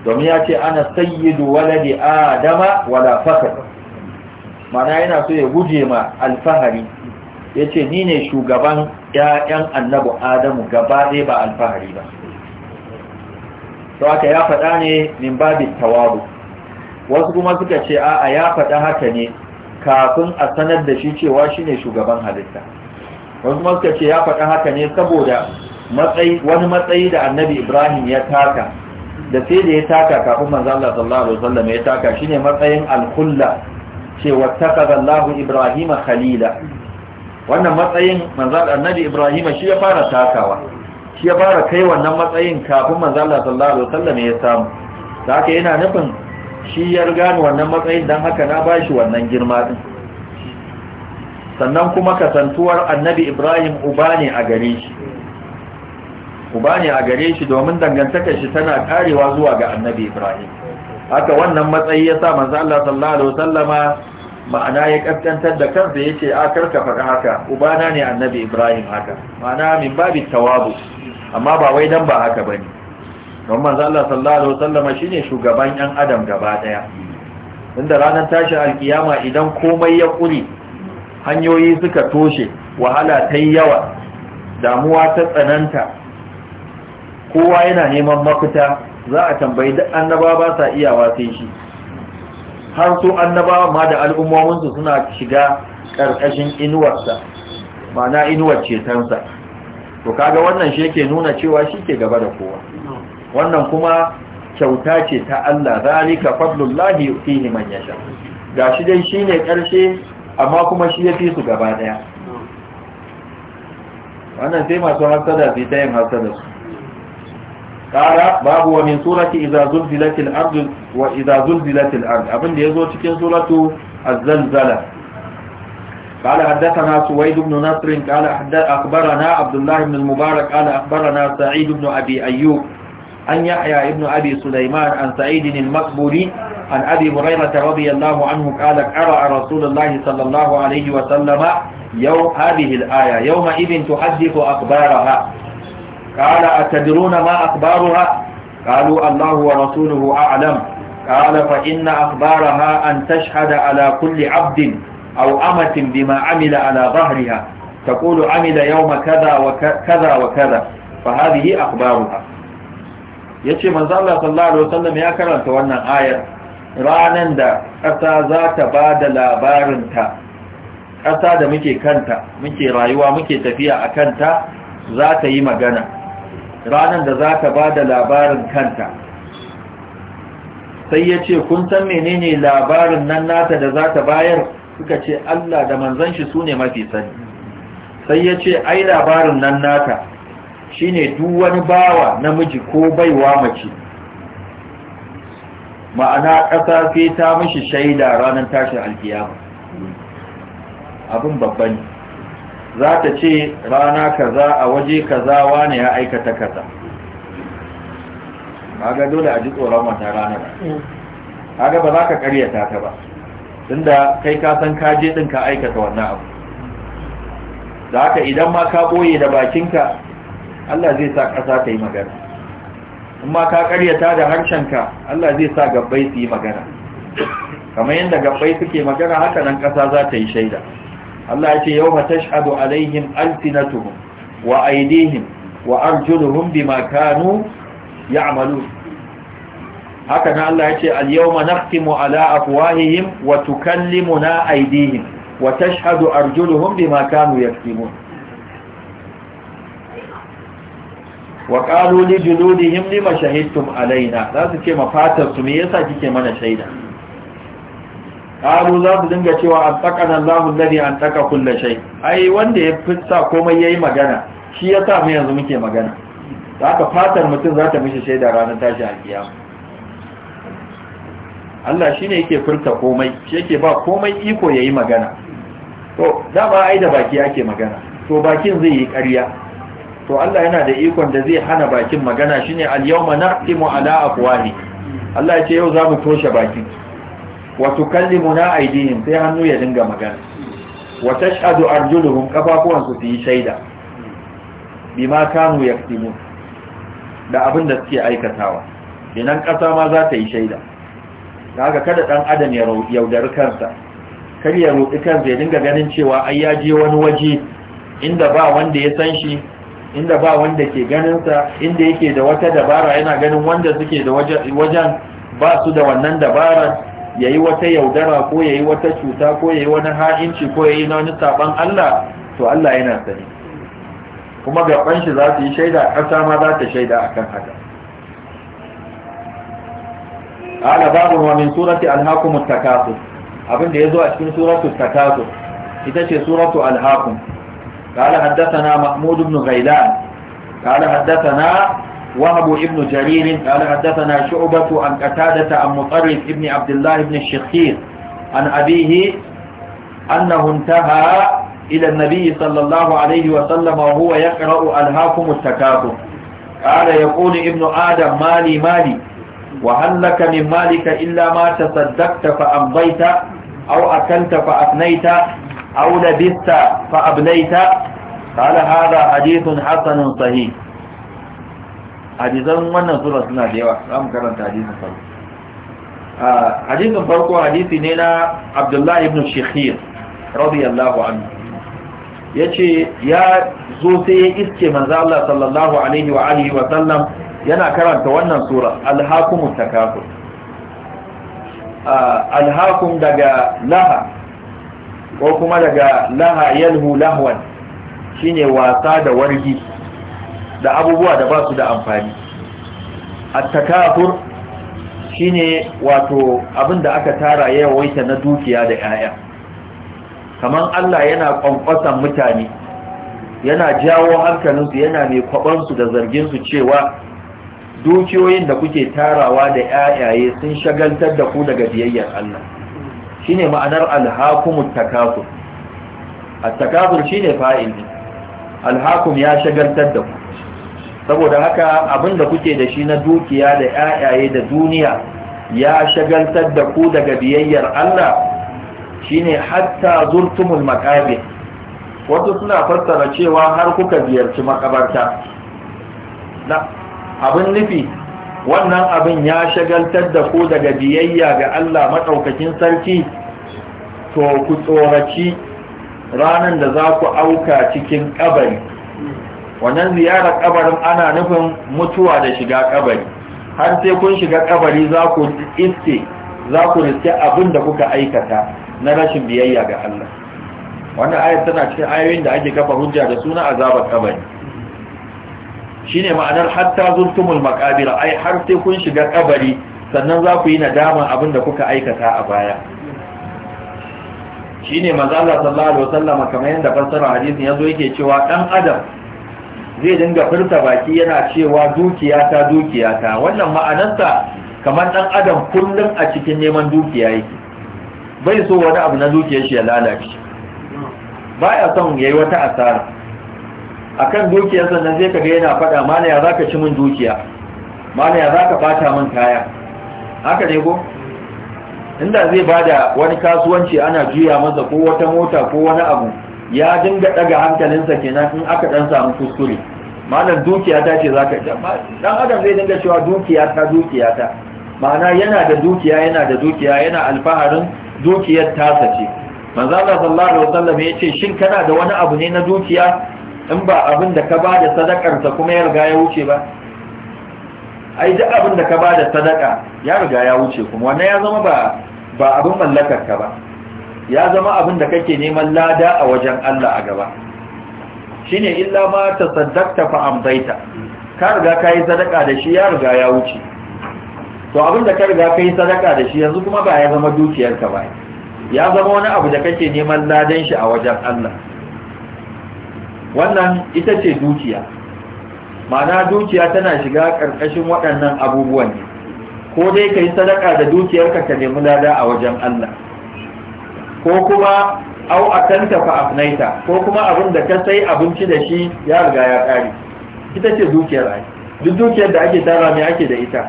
domin ya ce ana sayyidu waladi adama wala fakar mana yana so ya guje ma alfahari ya ce ni ne shugaban ‘ya'yan annabu adamu gaba ɗaya ba alfahari ba to aka ya faɗa ne min babin tawabu wasu kuma suka ce a'a ya faɗa haka ne kafin a sanar da shi cewa shi ne shugaban halitta wasu kuma suka ce ya faɗi haka ne saboda wani matsayi da annabi ibrahim ya taka da sai da ya taka kafin manzo Allah sallallahu alaihi wasallam ya taka shine matsayin al-khulla cewa takaza Allahu Ibrahim khalila wannan matsayin manzo annabi Ibrahim shi ya fara takawa shi ya fara kai wannan matsayin kafin manzo Allah sallallahu alaihi wasallam ya samu haka yana nufin shi ya riga wannan matsayin don haka na bashi wannan girma din sannan kuma kasantuwar annabi ibrahim uba ne a gare shi uba ne a gare shi domin dangantakar shi tana karewa zuwa ga annabi ibrahim haka wannan matsayi ya sa manzo Allah sallallahu alaihi wasallama ma'ana ya kaskantar da kansa yace a karka faɗa haka na ne annabi ibrahim haka ma'ana min babi tawabu amma ba wai dan ba haka bane don manzo Allah sallallahu alaihi wasallama shine shugaban yan adam gaba daya inda ranar tashi alkiyama idan komai ya kuri hanyoyi suka toshe wahala ta yi yawa damuwa ta tsananta kowa yana neman mafita za a tambayi duk annaba ba sa iyawa sai shi har su annaba ma da al'ummominsu suna shiga ƙarƙashin inuwarsa ma'ana inuwar cetonsa to kaga wannan shi yake nuna cewa shi ke gaba da kowa wannan kuma kyauta ce ta Allah zalika fadlullahi yu'tihi man yasha gashi dai shine ƙarshe amma kuma shi ya fi su gaba daya wannan sai masu hasada fi ta yin hasada su kara babu wa min surati izazun zulzilatil ardu wa idza zulzilatil ardu abin da yazo cikin suratu az-zalzala قال حدثنا سويد بن نصر قال أخبرنا عبد الله بن المبارك قال أخبرنا سعيد بن أبي أيوب عن يحيى ابن أبي سليمان عن سعيد المقبولي عن أبي هريرة رضي الله عنه قال أرى رسول الله صلى الله عليه وسلم يوم هذه الآية يومئذ تحدث أخبارها قال أتدرون ما أخبارها قالوا الله ورسوله أعلم قال فإن أخبارها أن تشهد على كل عبد أو أمة بما عمل على ظهرها تقول عمل يوم كذا وكذا وكذا فهذه أخبارها Ya ce, Allah sallallahu alaihi wasallam ya karanta wannan ayar ranan da ƙasa za ta ba da labarinta ƙasa da muke kanta muke rayuwa muke tafiya a kanta za ta yi magana ranan da za ta ba da labarin kanta sai ya ce kun san menene labarin nan nata da za ta bayar suka ce Allah da manzon shi ne mafi sani sai ya ce ai labarin nan nata shine duk wani bawa namiji ko baiwa mace ma'ana ƙasa sai ta mishi shaida ranar tashin alkiyama abin babban za ta ce rana kaza a waje kaza wane ya aikata kaza ga dole a ji tsoron wata ranar ga ba za ka karyata ta ba tunda kai kasan kaje ka ka aikata wannan abu da haka idan ma ka ɓoye da bakinka Allah zai sa ƙasa ta yi magana amma ka ƙaryata da harshenka Allah zai sa gabbai su yi magana kamar yadda gabbai suke magana haka nan ƙasa za ta yi shaida Allah ya ce yau ma tashhadu alaihim alfinatuhum wa aidihim wa arjuluhum bima kanu ya'malun haka nan Allah ya ce al-yawma nakhtimu ala afwahihim wa tukallimuna aydihim wa tashhadu arjuluhum bima kanu yaktumun wa qalu li junudihim lima shahidtum alaina za su ce mafatar su me yasa kike mana shaida qalu za su dinga cewa mu Allahu an antaqa kull shay ai wanda ya fitsa komai yayi magana shi yasa mu yanzu muke magana haka fatar mutum za ta mishi shaida ranar tashi a kiyama Allah shine yake furta komai shi yake ba komai iko yayi magana to dama ai da baki ake magana to bakin zai yi ƙarya to Allah yana da ikon da zai hana bakin magana shine al-yawma naqtimu ala afwahi Allah ya ce yau zamu toshe baki wa tukallimuna aydihim sai hannu ya dinga magana wa tashadu arjuluhum kafafuwan su yi shaida bima kanu yaktimu da abin da suke aikatawa idan kasa ma za ta yi shaida kaga kada dan adam ya yaudar kansa kar ya roƙi kansa dinga ganin cewa ai ya je wani waje inda ba wanda ya san shi inda ba wanda ke ganinsa inda yake da wata dabara yana ganin wanda suke da wajen ba su da wannan dabara ya yi wata yaudara ko ya yi wata cuta ko ya yi wani ha'inci ko ya yi wani saban Allah to Allah yana sani kuma ga shi za su yi shaida ƙasa ma za ta shaida akan haka ala babu wa min surati alhaqum takasur abin da yazo a cikin suratu takasu, takasur ita ce suratu alhaqum قال حدثنا محمود بن غيلان قال حدثنا وهب بن جرير قال حدثنا شعبة عن قتادة عن مطرف بن عبد الله بن الشخير عن أبيه أنه انتهى إلى النبي صلى الله عليه وسلم وهو يقرأ ألهاكم التكاثر قال يقول ابن آدم مالي مالي وهل لك من مالك إلا ما تصدقت فأمضيت أو أكلت فأفنيت أو لبست فأبليت قال هذا حديث حسن صحيح hadisan wannan sura suna da yawa za mu karanta hadisin farko hadisin farko hadisi ne na abdullah ibn shekhir radiyallahu anhu ya ce ya zo sai ya iske manzo Allah sallallahu alaihi wa alihi wa sallam yana karanta wannan sura alhakumut takafur alhakum daga laha ko kuma daga laha yalhu lahwan shine wasa da wargi da abubuwa da ba su da amfani at shine wato abin da aka tara yawaita na dukiya da 'ya'ya kaman Allah yana kwankwasan mutane yana jawo hankalinsu yana mai kwabansu da zarginsu cewa dukiyoyin da kuke tarawa da yayaye sun shagaltar da ku daga biyayyar Allah shine ma'anar alhakumut takafur at-takafur shine fa'il alhakum ya shagaltar da ku saboda haka abinda kuke da shi na dukiya da yayaye da duniya ya shagaltar da ku daga biyayyar Allah shine hatta zurtumul maqabir wato suna fassara cewa har kuka ziyarci makabarta abin nufi wannan abin ya shagaltar da ku daga biyayya ga Allah maɗaukakin sarki to ku tsoraci ranar da za ku auka cikin ƙabari wannan ziyarar ƙabarin ana nufin mutuwa da shiga ƙabari har sai kun shiga ƙabari za ku iske za ku riske abin da kuka aikata na rashin biyayya ga Allah wannan ayar tana cikin ayoyin da ake kafa hujja da suna azabar ƙabari shine ma'anar hatta zurtumul maqabir ai har sai kun shiga kabari sannan za ku yi nadaman abin da kuka aikata a baya shine manzo Allah sallallahu alaihi wasallam kamar yanda fassara hadisin yazo yake cewa dan adam zai dinga furta baki yana cewa dukiya ta dukiya ta wannan ma'anarsa kamar dan adam kullum a cikin neman dukiya yake bai so wani abu na dukiyar shi ya lalace baya son yayi wata asara akan dukiyar sannan zai kaga yana fada mana ya zaka ci min dukiya mana ya zaka bata min kaya haka ne ko inda zai bada wani kasuwanci ana juya masa ko wata mota ko wani abu ya dinga daga hankalinsa kenan in aka dan samu kuskure malam dukiya ta ce zaka dan adam zai dinga cewa dukiya ta dukiya ta ma'ana yana da dukiya yana da dukiya yana alfaharin dukiyar tasa ce manzo Allah sallallahu alaihi wasallam ya ce shin kana da wani abu ne na dukiya in ba abin da ka ba da sadakarsa kuma ya riga ya wuce ba ai duk abin da ka ba da sadaka ya riga ya wuce kuma wannan ya zama ba ba abin mallakar ka ba ya zama abin da kake neman lada a wajen Allah a gaba shine illa ma saddaqta fa amdaita ka riga kai sadaka da shi ya riga ya wuce to abin da ka riga kai sadaka da shi yanzu kuma ba ya zama dukiyarka ba ya zama wani abu da kake neman ladan shi a wajen Allah wannan ita ce dukiya ma'ana dukiya tana shiga ƙarƙashin waɗannan abubuwan ne ko dai ka yi sadaka da dukiyarka ka nemi lada a wajen Allah ko kuma au akanta fa afnaita ko kuma abin da ka sai abinci da shi ya riga ya kare ita ce dukiyar ai duk dukiyar da ake tara mai ake da ita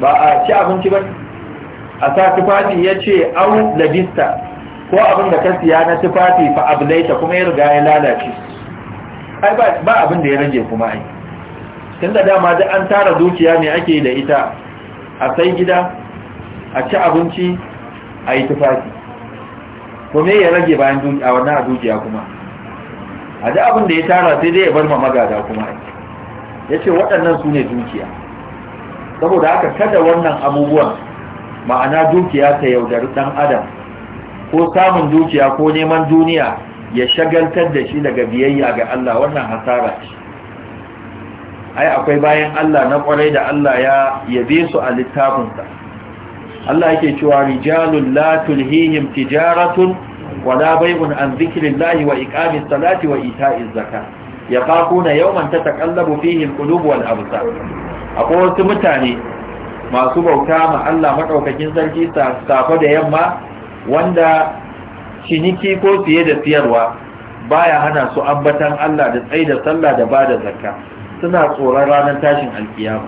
ba a ci abinci ba a sa tufafi ya ce au labista ko abin da ka siya na tufafi fa ablaita kuma ya riga ya lalace ai ba abin da ya rage kuma ai tun da dama duk an tara dukiya ne ake da ita a sai gida a ci abinci a yi tufafi kuma ya rage bayan a wannan dukiya kuma a duk abin da ya tara sai dai ya bar ma magada kuma ai ya ce waɗannan su ne dukiya saboda haka kada wannan abubuwan ma'ana dukiya ta yaudari ɗan adam ko samun dukiya ko neman duniya ya shagaltar da shi daga biyayya ga Allah wannan hasara ce ai akwai bayan Allah na kwarai da Allah ya yabe su a littafinsa Allah yake cewa rijalul la tulhihim tijaratun wala bay'un an dhikrillahi wa iqamis salati wa ita'iz zakat yaqafuna yawman tataqallabu fihi alqulub wal absar akwai wasu mutane masu bauta ma Allah madaukakin sarki safa da yamma wanda ciniki ko fiye da siyarwa baya hana su ambatan Allah da tsaye da sallah da ba da zakka suna tsoron ranar tashin alkiyama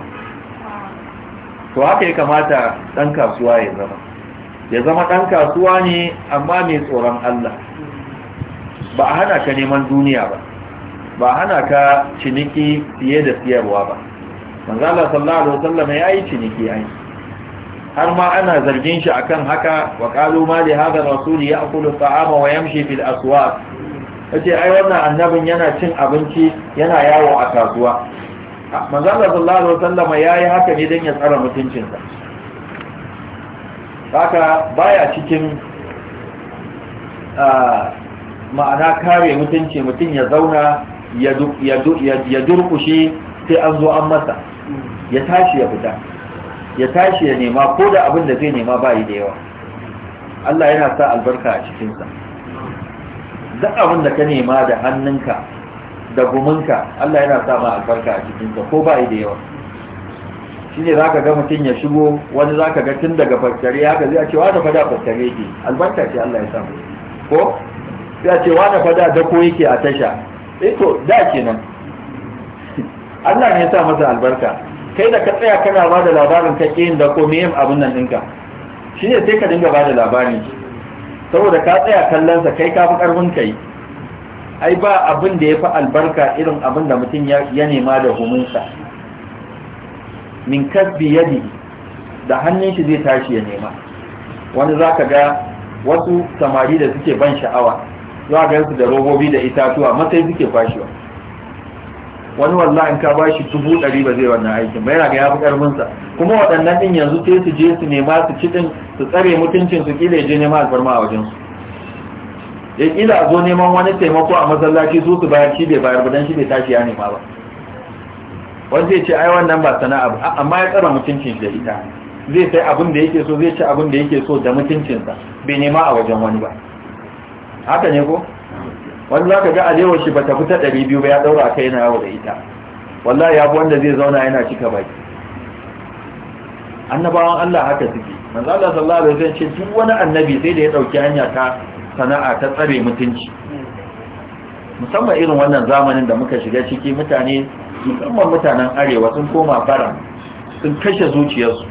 to haka ya kamata ɗan kasuwa ya zama ya zama ɗan kasuwa ne amma mai tsoron Allah ba a hana ka neman duniya ba ba hana ka ciniki fiye da siyarwa ba manzala sallallahu alaihi wasallam ya yi ciniki ai har ma ana zargin shi akan haka wa qalu ma li hadha rasul ya'kulu ta'ama wa yamshi fil aswaq kace ai wannan annabin yana cin abinci yana yawo a kasuwa manzo Allah sallallahu alaihi wasallam yayi haka ne dan ya tsara mutuncinsa haka baya cikin ah, ma'ana kare mutunci mutum ya zauna ya durkushe sai an zo an masa ya tashi ya fita ya tashi ya nema ko da abin da zai nema bayi da yawa Allah yana sa albarka a cikinsa duk abin da ka nema da hannunka da guminka Allah yana sa ma albarka a cikinsa ko bayi da yawa shi ne za ka ga mutum ya shigo wani za ka ga tun daga faskare haka zai ce wani fada faskare ke? albarka ce Allah ya sa mu ko zai ce wani fada dako yake a tasha eh to da kenan (laughs) Allah ne ya sa masa albarka kai da ka tsaya kana ba da labarin ka ƙin da ko meyim abin nan ɗinka shi ne sai ka dinga ba da labari saboda ka tsaya kallon sa kai ka fi ƙarfin kai ai ba abin da ya fi albarka irin abin da mutum ya nema da huminsa min kasbi yadi da hannun shi zai tashi ya nema wani za ka ga wasu samari da suke ban sha'awa za ga gansu da robobi da itatuwa matsayi suke fashewa wani wallahi in ka bashi dubu ɗari ba zai wannan aikin ba yana ga yafi karfin sa kuma waɗannan din yanzu sai su je su nema su ci din su tsare mutuncin su kila je nema alfarma a wajen su ya kila zo neman wani taimako a masallaci su su bayar shi bai bayar ba dan shi bai tashi ya nema ba wanda ya ce ai wannan ba sana'a ba amma ya tsara mutuncin shi da ita zai sai abin da yake so zai ci abin da yake so da mutuncinsa bai nema a wajen wani ba haka ne ko wani za ka ga alewar shi ba ta fita ɗari biyu ba ya ɗaura a kai yana yawo da ita wallahi ya wanda zai zauna yana cika baki annabawan Allah haka suke manzo Allah sallallahu alaihi wasallam ce duk wani annabi sai da ya dauki hanya ta sana'a ta tsare mutunci musamman irin wannan zamanin da muka shiga ciki mutane musamman mutanen arewa sun koma bara sun kashe zuciyarsu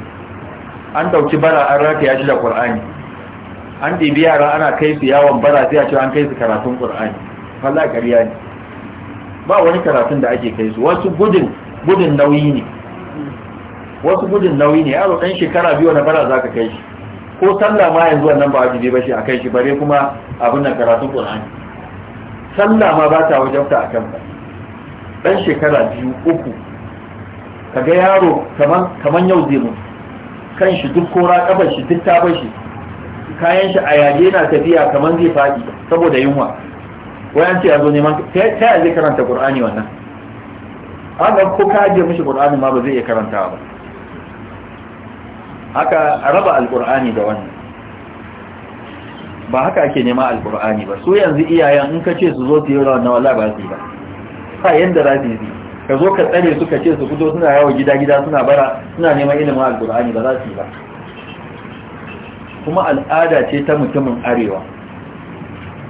an dauki bara an rataya shi da Qur'ani an dibi yara ana kai su yawon bara sai a ce an kai su karatun Qur'ani falla ƙarya ne ba wani karatun da ake kai su wasu gudun gudun nauyi ne wasu gudun nauyi ne yaro ɗan shekara biyu na bara za ka kai shi ko sallah ma yanzu wannan ba wajibi ba shi a kai shi bare kuma abin nan karatun ƙur'ani sallah ma ba ta wajabta a kan ba ɗan shekara biyu uku ka ga yaro kaman yau zai mutu kan shi duk kora kafar shi duk tabar shi kayan shi a yage na tafiya kaman zai faɗi saboda yunwa wayan ce yazo neman ta ya zai karanta qur'ani wannan haka ko ka ajiye mishi qur'ani ma ba zai iya karantawa ba haka raba alqur'ani da wannan ba haka ake nema alqur'ani ba su yanzu iyayen in ka ce su zo su yi rawan na wala ba su yi ba ba yanda za su yi ka zo ka tsare su ka ce su fito suna yawo gida-gida suna bara suna neman ilimin alkur'ani ba za su yi ba kuma al'ada ce ta mutumin arewa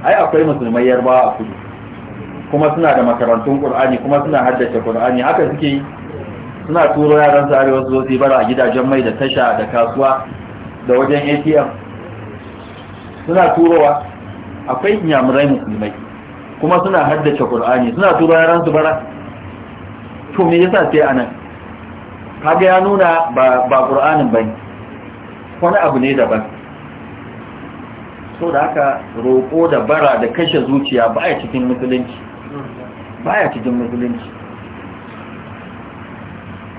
ai akwai musulmai yarbawa a kudu kuma suna da makarantun qur'ani kuma suna haddace qur'ani haka suke yi suna turo yaran su arewa su zo bara a gidajen mai da tasha da kasuwa da wajen atm suna turowa akwai nyamurai musulmai kuma suna haddace qur'ani suna turo yaran su bara to me yasa sai anan kaga ya nuna ba ba qur'anin bane wani abu ne daban so da haka roƙo da bara da kashe zuciya baya cikin musulunci baya cikin musulunci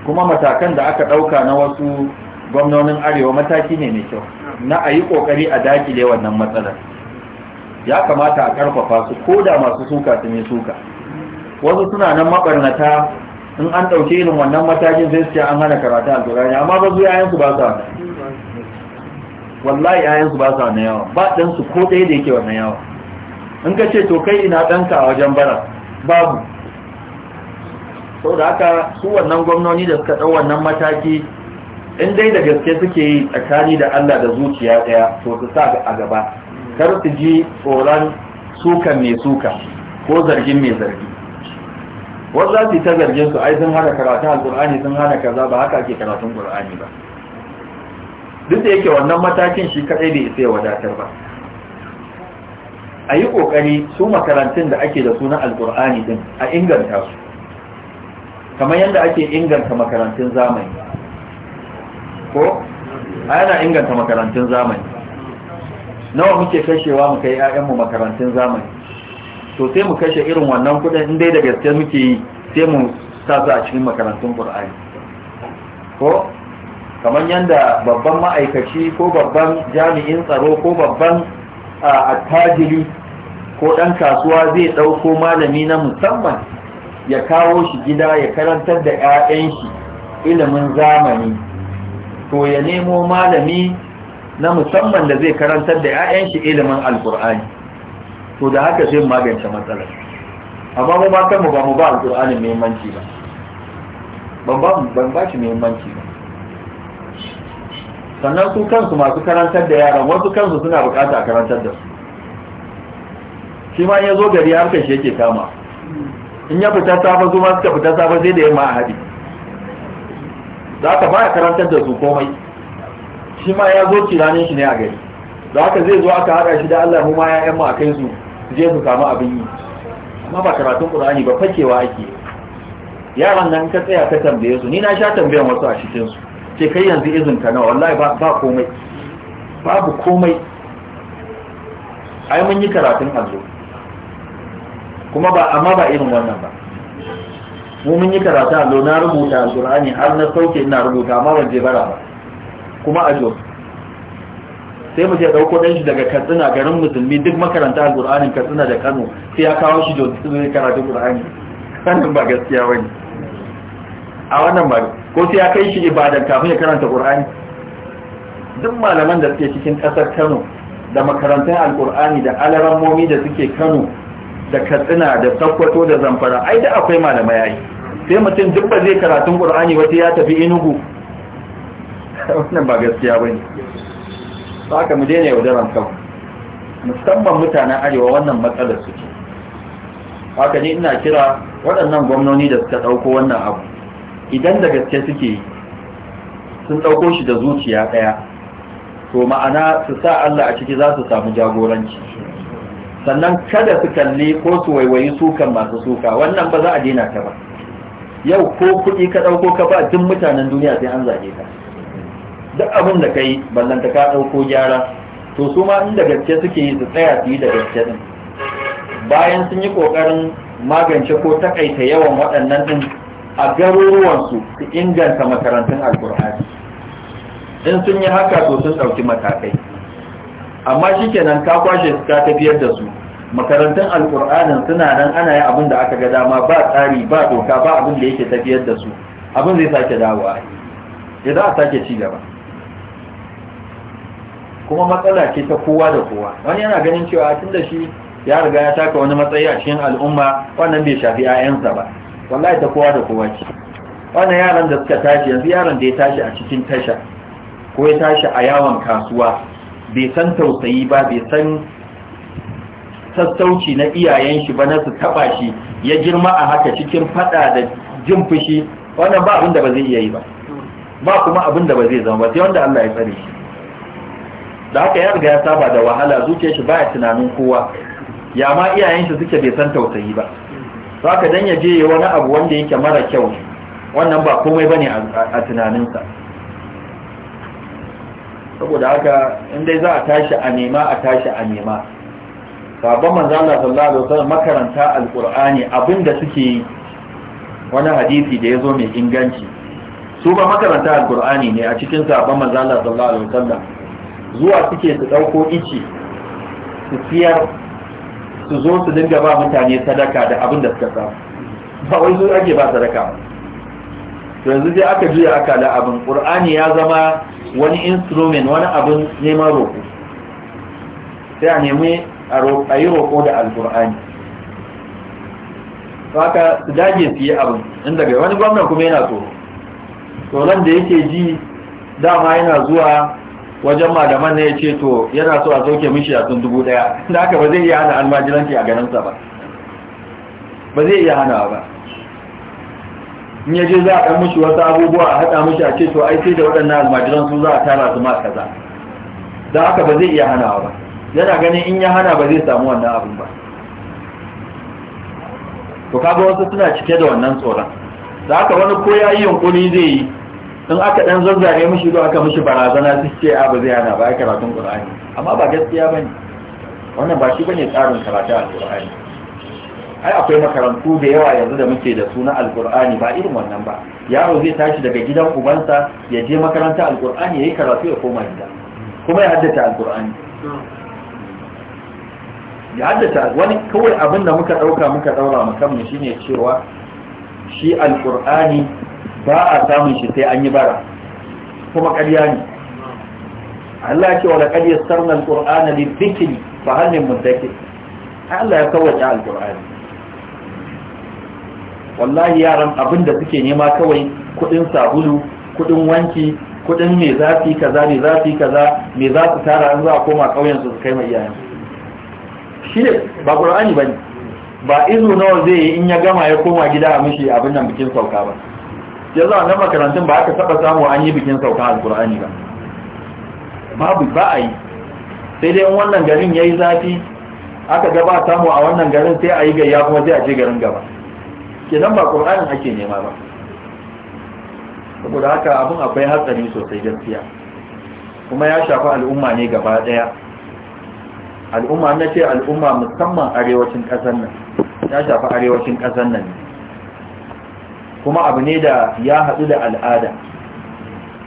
kuma matakan da aka ɗauka na wasu gwamnonin arewa mataki ne mai kyau na a yi ƙoƙari a dakile wannan matsalar ya kamata a ƙarfafa su ko da masu suka su mai suka wasu suna nan maɓarnata in an ɗauke irin wannan matakin zai su ce an hana karatu a turani amma ba su yayansu ba su wallahi yayansu ba sa na yawa ba ɗansu ko ɗaya da yake wannan yawa in ka ce to kai ina ɗanka a wajen bara babu saboda haka su wannan gwamnoni da suka ɗau wannan mataki in dai da gaske suke yi tsakani da Allah da zuciya ɗaya to su sa a gaba kar su ji tsoron sukan mai suka ko zargin mai zargi wasu za su ta zargin su ai sun hana karatun alkur'ani sun hana kaza ba haka ake karatun qur'ani ba duk da yake wannan matakin shi kadai bai isa ya wadatar ba a yi kokari su makarantun da ake da sunan Alƙur'ani din a inganta su kamar yadda ake inganta makarantun zamani ko a yana inganta makarantun zamani nawa muke kashewa mu kai 'ya'yanmu makarantun zamani to sai mu kashe irin wannan kudin dai da gaske muke yi sai mu sa su a cikin makarantun qur'ani ko kamar yadda babban ma'aikaci ko babban jami'in tsaro ko babban attajiri ko ɗan kasuwa zai ɗauko malami na musamman ya kawo shi gida ya karantar da 'ya'yan shi ilimin zamani to ya nemo malami na musamman da zai karantar da 'ya'yan shi ilimin alkur'ani to da haka zai magance matsalar amma mu ba kanmu ba mu ba alkur'anin muhimmanci ba ban ba shi muhimmanci ba sannan su kansu masu karantar da yaran wasu kansu suna bukata a karantar da su shi ma ya zo gari harkar shi yake kama in ya fita safa su ma suka fita safa sai da yamma a haɗi za ka baya karantar da su komai shi ma ya zo kiranin shi ne a gari za ka zai zo aka haɗa shi da Allah mu ma ya yamma a kai su je su samu abin yi amma ba karatun Qur'ani ba fakewa ake yaran nan ka tsaya ka tambaye su ni na sha tambayan wasu a cikin su ce kai yanzu izin ka na wallahi ba komai babu komai ai mun yi karatun allo kuma ba amma ba irin wannan ba mu mun yi karatu allo na rubuta alqur'ani har na sauke ina rubuta amma ban je bara ba kuma azu sai mu je dauko dan shi daga Katsina garin musulmi duk makaranta alqur'anin Katsina da Kano sai ya kawo shi don karatu alqur'ani sanin ba gaskiya bane a wannan ba ko sai ya kai shi ibadan kafin ya karanta qur'ani duk malaman da suke cikin kasar Kano da makarantun alqur'ani da alarammomi da suke Kano da Katsina da Sokoto da Zamfara ai da akwai malamai yayi sai mutum duk ba zai karatun qur'ani sai ya tafi Enugu (laughs) wannan ba gaskiya bane saka mu daina yaudaran kanmu musamman mutanen arewa wannan matsalar su ce haka ne ina kira waɗannan gwamnoni da suka ɗauko wannan abu idan da gaske suke yi sun ɗauko shi da zuciya ɗaya to ma'ana su sa Allah a ciki za su samu jagoranci sannan kada su kalli ko su waiwayi sukan masu suka wannan ba za a daina ta ba yau ko kuɗi ka ɗauko ka ba tun mutanen duniya sai an zage ka duk abin da ka yi ballanta ka ɗauko gyara to su ma inda gaske suke yi su tsaya su yi da gaske din bayan sun yi ƙoƙarin magance ko taƙaita yawan waɗannan din. a garuruwansu su inganta makarantun alkur'ani in sun yi haka to sun ɗauki matakai amma shi kenan ka kwashe su ka tafiyar da su makarantun alkur'anin suna nan ana yi abin da aka ga dama ba tsari ba doka ba abin da yake tafiyar da su abin zai sake dawowa ya za a sake ci gaba kuma matsala ce ta kowa da kowa wani yana ganin cewa tun da shi ya riga ya taka wani matsayi a cikin al'umma wannan bai shafi 'ya'yansa ba wallahi ta kowa da kowa ce wannan yaran da suka tashi yanzu yaran da ya tashi a cikin tasha ko ya tashi a yawon kasuwa bai san tausayi ba bai san sassauci na iyayen shi ba na su taba shi ya girma a haka cikin fada da jin fushi wannan ba abin da ba zai iya yi ba ba kuma abin da ba zai zama ba sai wanda Allah ya tsare shi da haka ya riga ya saba da wahala zuciyar shi baya tunanin kowa ya ma iyayen shi suke bai san tausayi ba Zaka dan ya je wani abu wanda yake mara kyau wannan ba komai bane a tunaninsa saboda haka in dai za a tashi a nema a tashi a nema sabon manzo Allah sallallahu alaihi wasallam makaranta alqur'ani abinda suke wani hadisi da yazo mai inganci su ba makaranta alqur'ani ne a cikin sabon manzo Allah sallallahu alaihi wasallam zuwa suke su dauko ici su siyar su zo su dinga ba mutane sadaka da abin da suka samu ba wai su ake ba sadaka to yanzu dai aka juya aka la abin qur'ani ya zama wani instrument wani abin neman roƙo sai a nemi a yi roƙo da alƙur'ani haka su dage su yi abin inda gai wani gwamna kuma yana tsoro nan da yake ji dama yana zuwa wajen malaman ne ya ce to yana so a sauke mishi a sun dubu daya da aka ba zai iya hana almajiranci a ganinsa ba ba zai iya hana ba in yaje za a ɗan mishi wasu abubuwa a haɗa mishi a ce to ai sai da waɗannan almajiran su za a tara su ma kaza da aka ba zai iya hana ba yana ganin in ya hana ba zai samu wannan abin ba to kaga wasu suna cike da wannan tsoron da aka wani ko ya yi yunkuri zai yi in aka dan zazzare mishi ko aka mishi barazana su ce a ah, ba zai hana ba ya karatun qur'ani amma ba gaskiya bane wannan ba shi bane tsarin karatu alqur'ani ai akwai makarantu da yawa yanzu da muke da suna alqur'ani ba irin wannan ba yaro zai tashi daga gidan ubansa ya je makaranta ya yayi karatu ya koma gida kuma ya haddace alqur'ani ya haddace wani kawai abin da muka dauka muka daura mu kanmu shine cewa shi alqur'ani ba a samun shi sai an yi bara kuma ƙarya ne Allah ce wa ƙarya yassarna al-qur'ana lidh-dhikri fa hal min Allah ya kawace al-qur'ani wallahi yaran abinda suke nema kawai kudin sabulu kudin wanki kudin me zafi kaza me zafi kaza me za su tara an za a koma ƙauyen su kai mai iyayen shi ne ba qur'ani bane ba izu nawa zai yi in ya gama ya koma gida a mishi abin nan bikin sauka ba yanzu a nan makarantun ba aka saba samu an yi bikin sauka alkur'ani ba babu ba a yi sai dai wannan garin ya yi zafi aka gaba samu a wannan garin sai a yi gayya kuma sai a ce garin gaba Ke nan ba ƙur'anin ake nema ba saboda haka abin akwai hatsari sosai gaskiya kuma ya shafi al'umma ne gaba ɗaya al'umma na ce al'umma musamman arewacin ƙasar nan ya shafi arewacin ƙasar nan ne kuma abu ne da ya haɗu da al'ada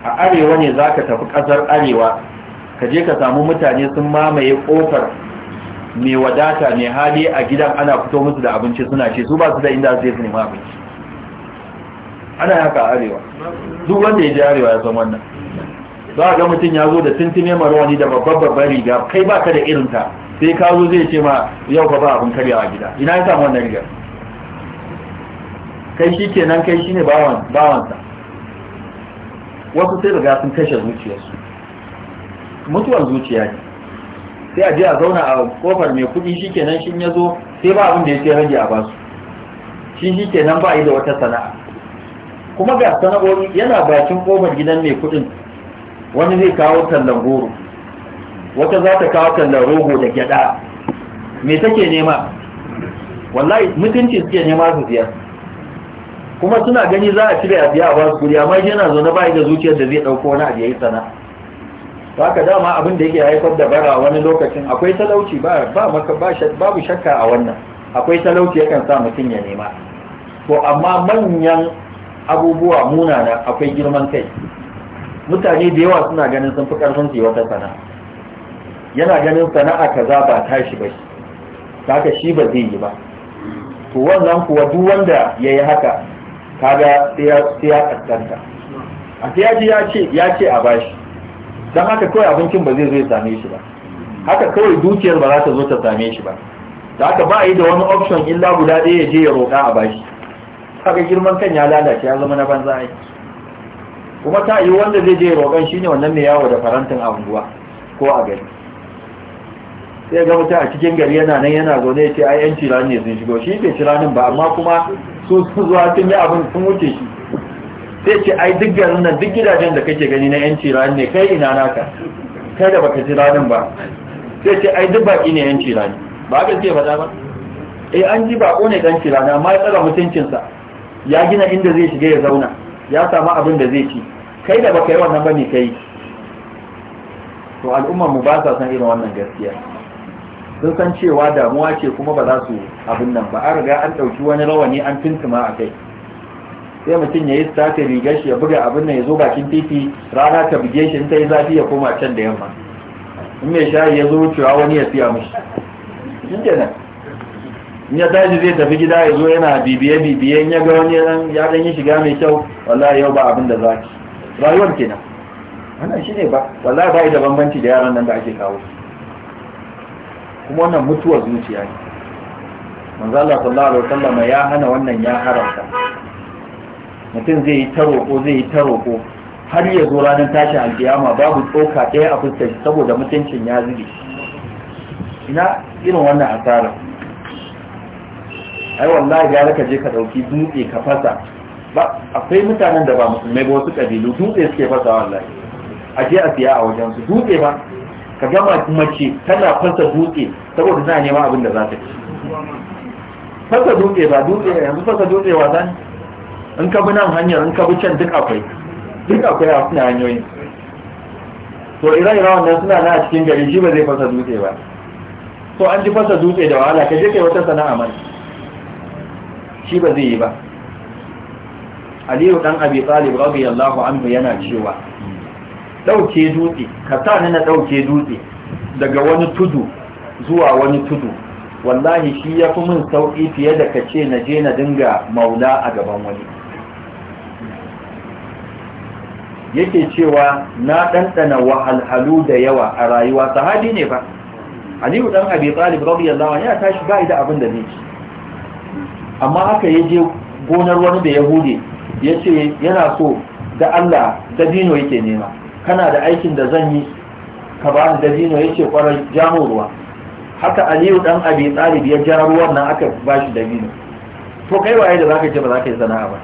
a arewa ne za ka tafi ƙasar arewa ka je ka samu mutane sun mamaye ƙofar mai wadata mai hali a gidan ana fito musu da abinci suna ce su ba su da inda zai su nema abinci ana haka a arewa duk wanda ya je arewa ya san wannan za ga mutum ya zo da tuntune rawani da babbar babbar riga kai ba ka da irinta sai ka zo zai ce ma yau ka ba abin karya gida ina ya samu wannan rigar kai shi kenan kai shi ne bawansa wasu sai riga sun kashe zuciyarsu mutuwar zuciya ne sai a je a zauna a kofar mai kuɗi shi kenan shi ya zo sai ba abin da ya ce rage a basu shi shi kenan ba yi da wata sana'a kuma ga sana'o'i yana bakin kofar gidan mai kudin wani zai kawo tallan goro wata za ta kawo tallan rogo da gyada. me take nema wallahi mutunci suke nema su siyar kuma suna gani za a cire abiya a basu kuri amma yana zaune ba da zuciyar da zai ɗauko wani abiya yi sana ba ka dama abin da yake haifar da bara wani lokacin akwai talauci ba babu shakka a wannan akwai talauci yakan sa mutum ya nema to amma manyan abubuwa munana akwai girman kai mutane da yawa suna ganin sun fi karfin su yi wata sana'a yana ganin sana'a kaza ba tashi ba shi ka shi ba zai yi ba to wannan kuwa duk wanda ya yi haka kaga sai ya kaskanta a sai yaji ya ce a bashi don haka kawai abincin ba zai zo ya same shi ba haka kawai dukiyar ba za ta zo ta same shi ba da haka ba a yi da wani option illa guda ɗaya ya je ya roƙa a bashi haka girman kan ya lalace ya zama na banza ai kuma ta yi wanda zai je ya shi shine wannan mai yawo da farantin a unguwa ko a gari sai ga mutum a cikin gari yana nan yana zaune ya ce ai yan cira ne sun shigo shi ke ciranin ba amma kuma su sun zuwa sun yi abin sun wuce shi sai ce ai duk garin nan duk gidajen da kake gani na yanci rani ne kai ina naka kai da baka ji ranin ba sai ce ai duk baki ne yanci rani ba ka ce faɗa ba eh an ji bako ne dan rani amma ya tsara mutuncinsa ya gina inda zai shiga ya zauna ya samu abin da zai ci kai da baka yi wannan ba ne kai to al'ummar mu ba sa san irin wannan gaskiya sun san cewa damuwa ce kuma ba za su abin nan ba an riga an ɗauki wani rawani an tuntuma a kai sai mutum ya yi sata rigar shi ya buga abin nan ya zo bakin titi rana ta buge shi in ta yi zafi ya koma can da yamma in mai shayi ya zo cewa wani ya siya mishi shi nan. in ya tashi zai tafi gida ya zo yana bibiye bibiye in ya ga wani ya dan yi shiga mai kyau wallahi yau ba abin da zaki rayuwar kenan wannan shi ne ba wallahi ba da bambanci da yaran nan da ake kawo shi kuma wannan mutuwar zuciya ne manzo Allah sallallahu alaihi wasallam ya hana wannan ya haramta mutum zai yi taro ko zai yi taro ko har ya zo ranar tashin alkiyama babu tsoka ɗaya a fuskar saboda mutuncin ya zube ina irin wannan asara ai wallahi ya raka je ka dauki dutse ka fasa ba akwai mutanen da ba musulmai ba wasu kabilu dutse suke fasa wallahi a je a siya a wajen su dutse ba ka gama mace tana fasa dutse saboda tana neman abin da za ta ci fasa dutse ba dutse yanzu fasa dutse wa zan in ka bi nan hanyar in ka bi can duk akwai duk akwai a suna hanyoyin to ira ira wannan suna na a cikin gari shi ba zai fasa dutse ba to an ji fasa dutse da wahala ka je kai wata sana'a mana shi ba zai yi ba aliyu dan abi talib radiyallahu anhu yana cewa ɗauke dutse ka sa ni na ɗauke dutse daga wani tudu zuwa wani tudu wallahi shi ya fi min sauƙi fiye da ka ce na je na dinga maula a gaban wani yake cewa na ɗanɗana wahalhalu da yawa a rayuwa sahabi ne ba aliyu ɗan abi talib radiyallahu ya tashi ba da abin da zai ci amma haka ya je gonar wani da yahudi ya ce yana so da allah dabino yake nema kana da aikin da zan yi ka ba da dabino yake kwara jamu ruwa haka aliyu dan abi talib ya ja ruwan nan aka ba shi dabino to kai waye da zaka ce ba zaka yi sana'a ba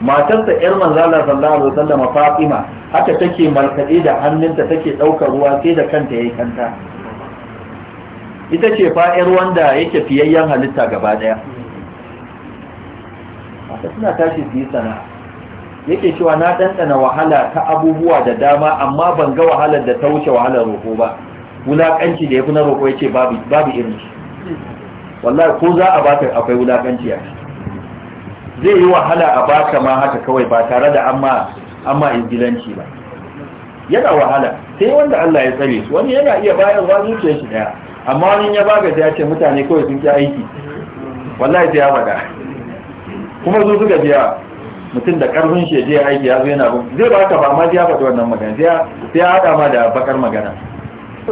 matarsa yar manzo Allah sallallahu alaihi wasallam Fatima haka take malkade da hannunta take daukar ruwa sai da kanta yayi kanta ita ce fa yar wanda yake fiyayyen halitta gaba daya haka suna tashi su yi sana'a yake cewa na dandana wahala ta abubuwa da dama amma ban ga wahalar da ta wuce wahalar roƙo ba wulaƙanci da ya fi na roƙo ya ce babu irin shi wallahi ko za a baka akwai wulaƙanci a zai yi wahala a baka ma haka kawai ba tare da amma amma izilanci ba yana wahala sai wanda Allah ya tsare su wani yana iya bayan wani zuciyar shi daya amma wani ya baga ya ce mutane kawai sun ki aiki wallahi sai ya faɗa kuma su suka biya mutum da karfin shi je aiki ya zo yana bin zai ba ka ba ma ya faɗi wannan magana sai ya haɗa ma da bakar magana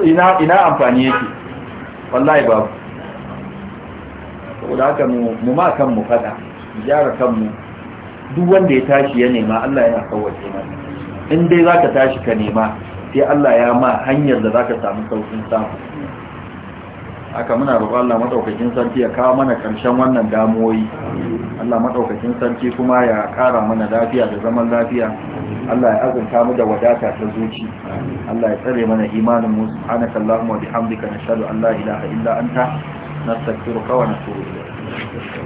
ina ina amfani yake wallahi babu saboda haka mu ma kan mu faɗa gyara kan mu. duk wanda ya tashi ya nema Allah yana kawace ma in dai zaka tashi ka nema sai Allah ya ma hanyar da zaka samu saukin samu haka muna roƙon Allah madaukakin sarki ya kawo mana ƙarshen wannan damuwoyi Allah madaukakin sarki kuma ya ƙara mana lafiya da zaman lafiya Allah ya azurta mu da wadata ta zuci Allah ya tsare mana imanin mu subhanaka allahumma wa bihamdika nashhadu an la ilaha illa anta nastaghfiruka wa natubu ilayk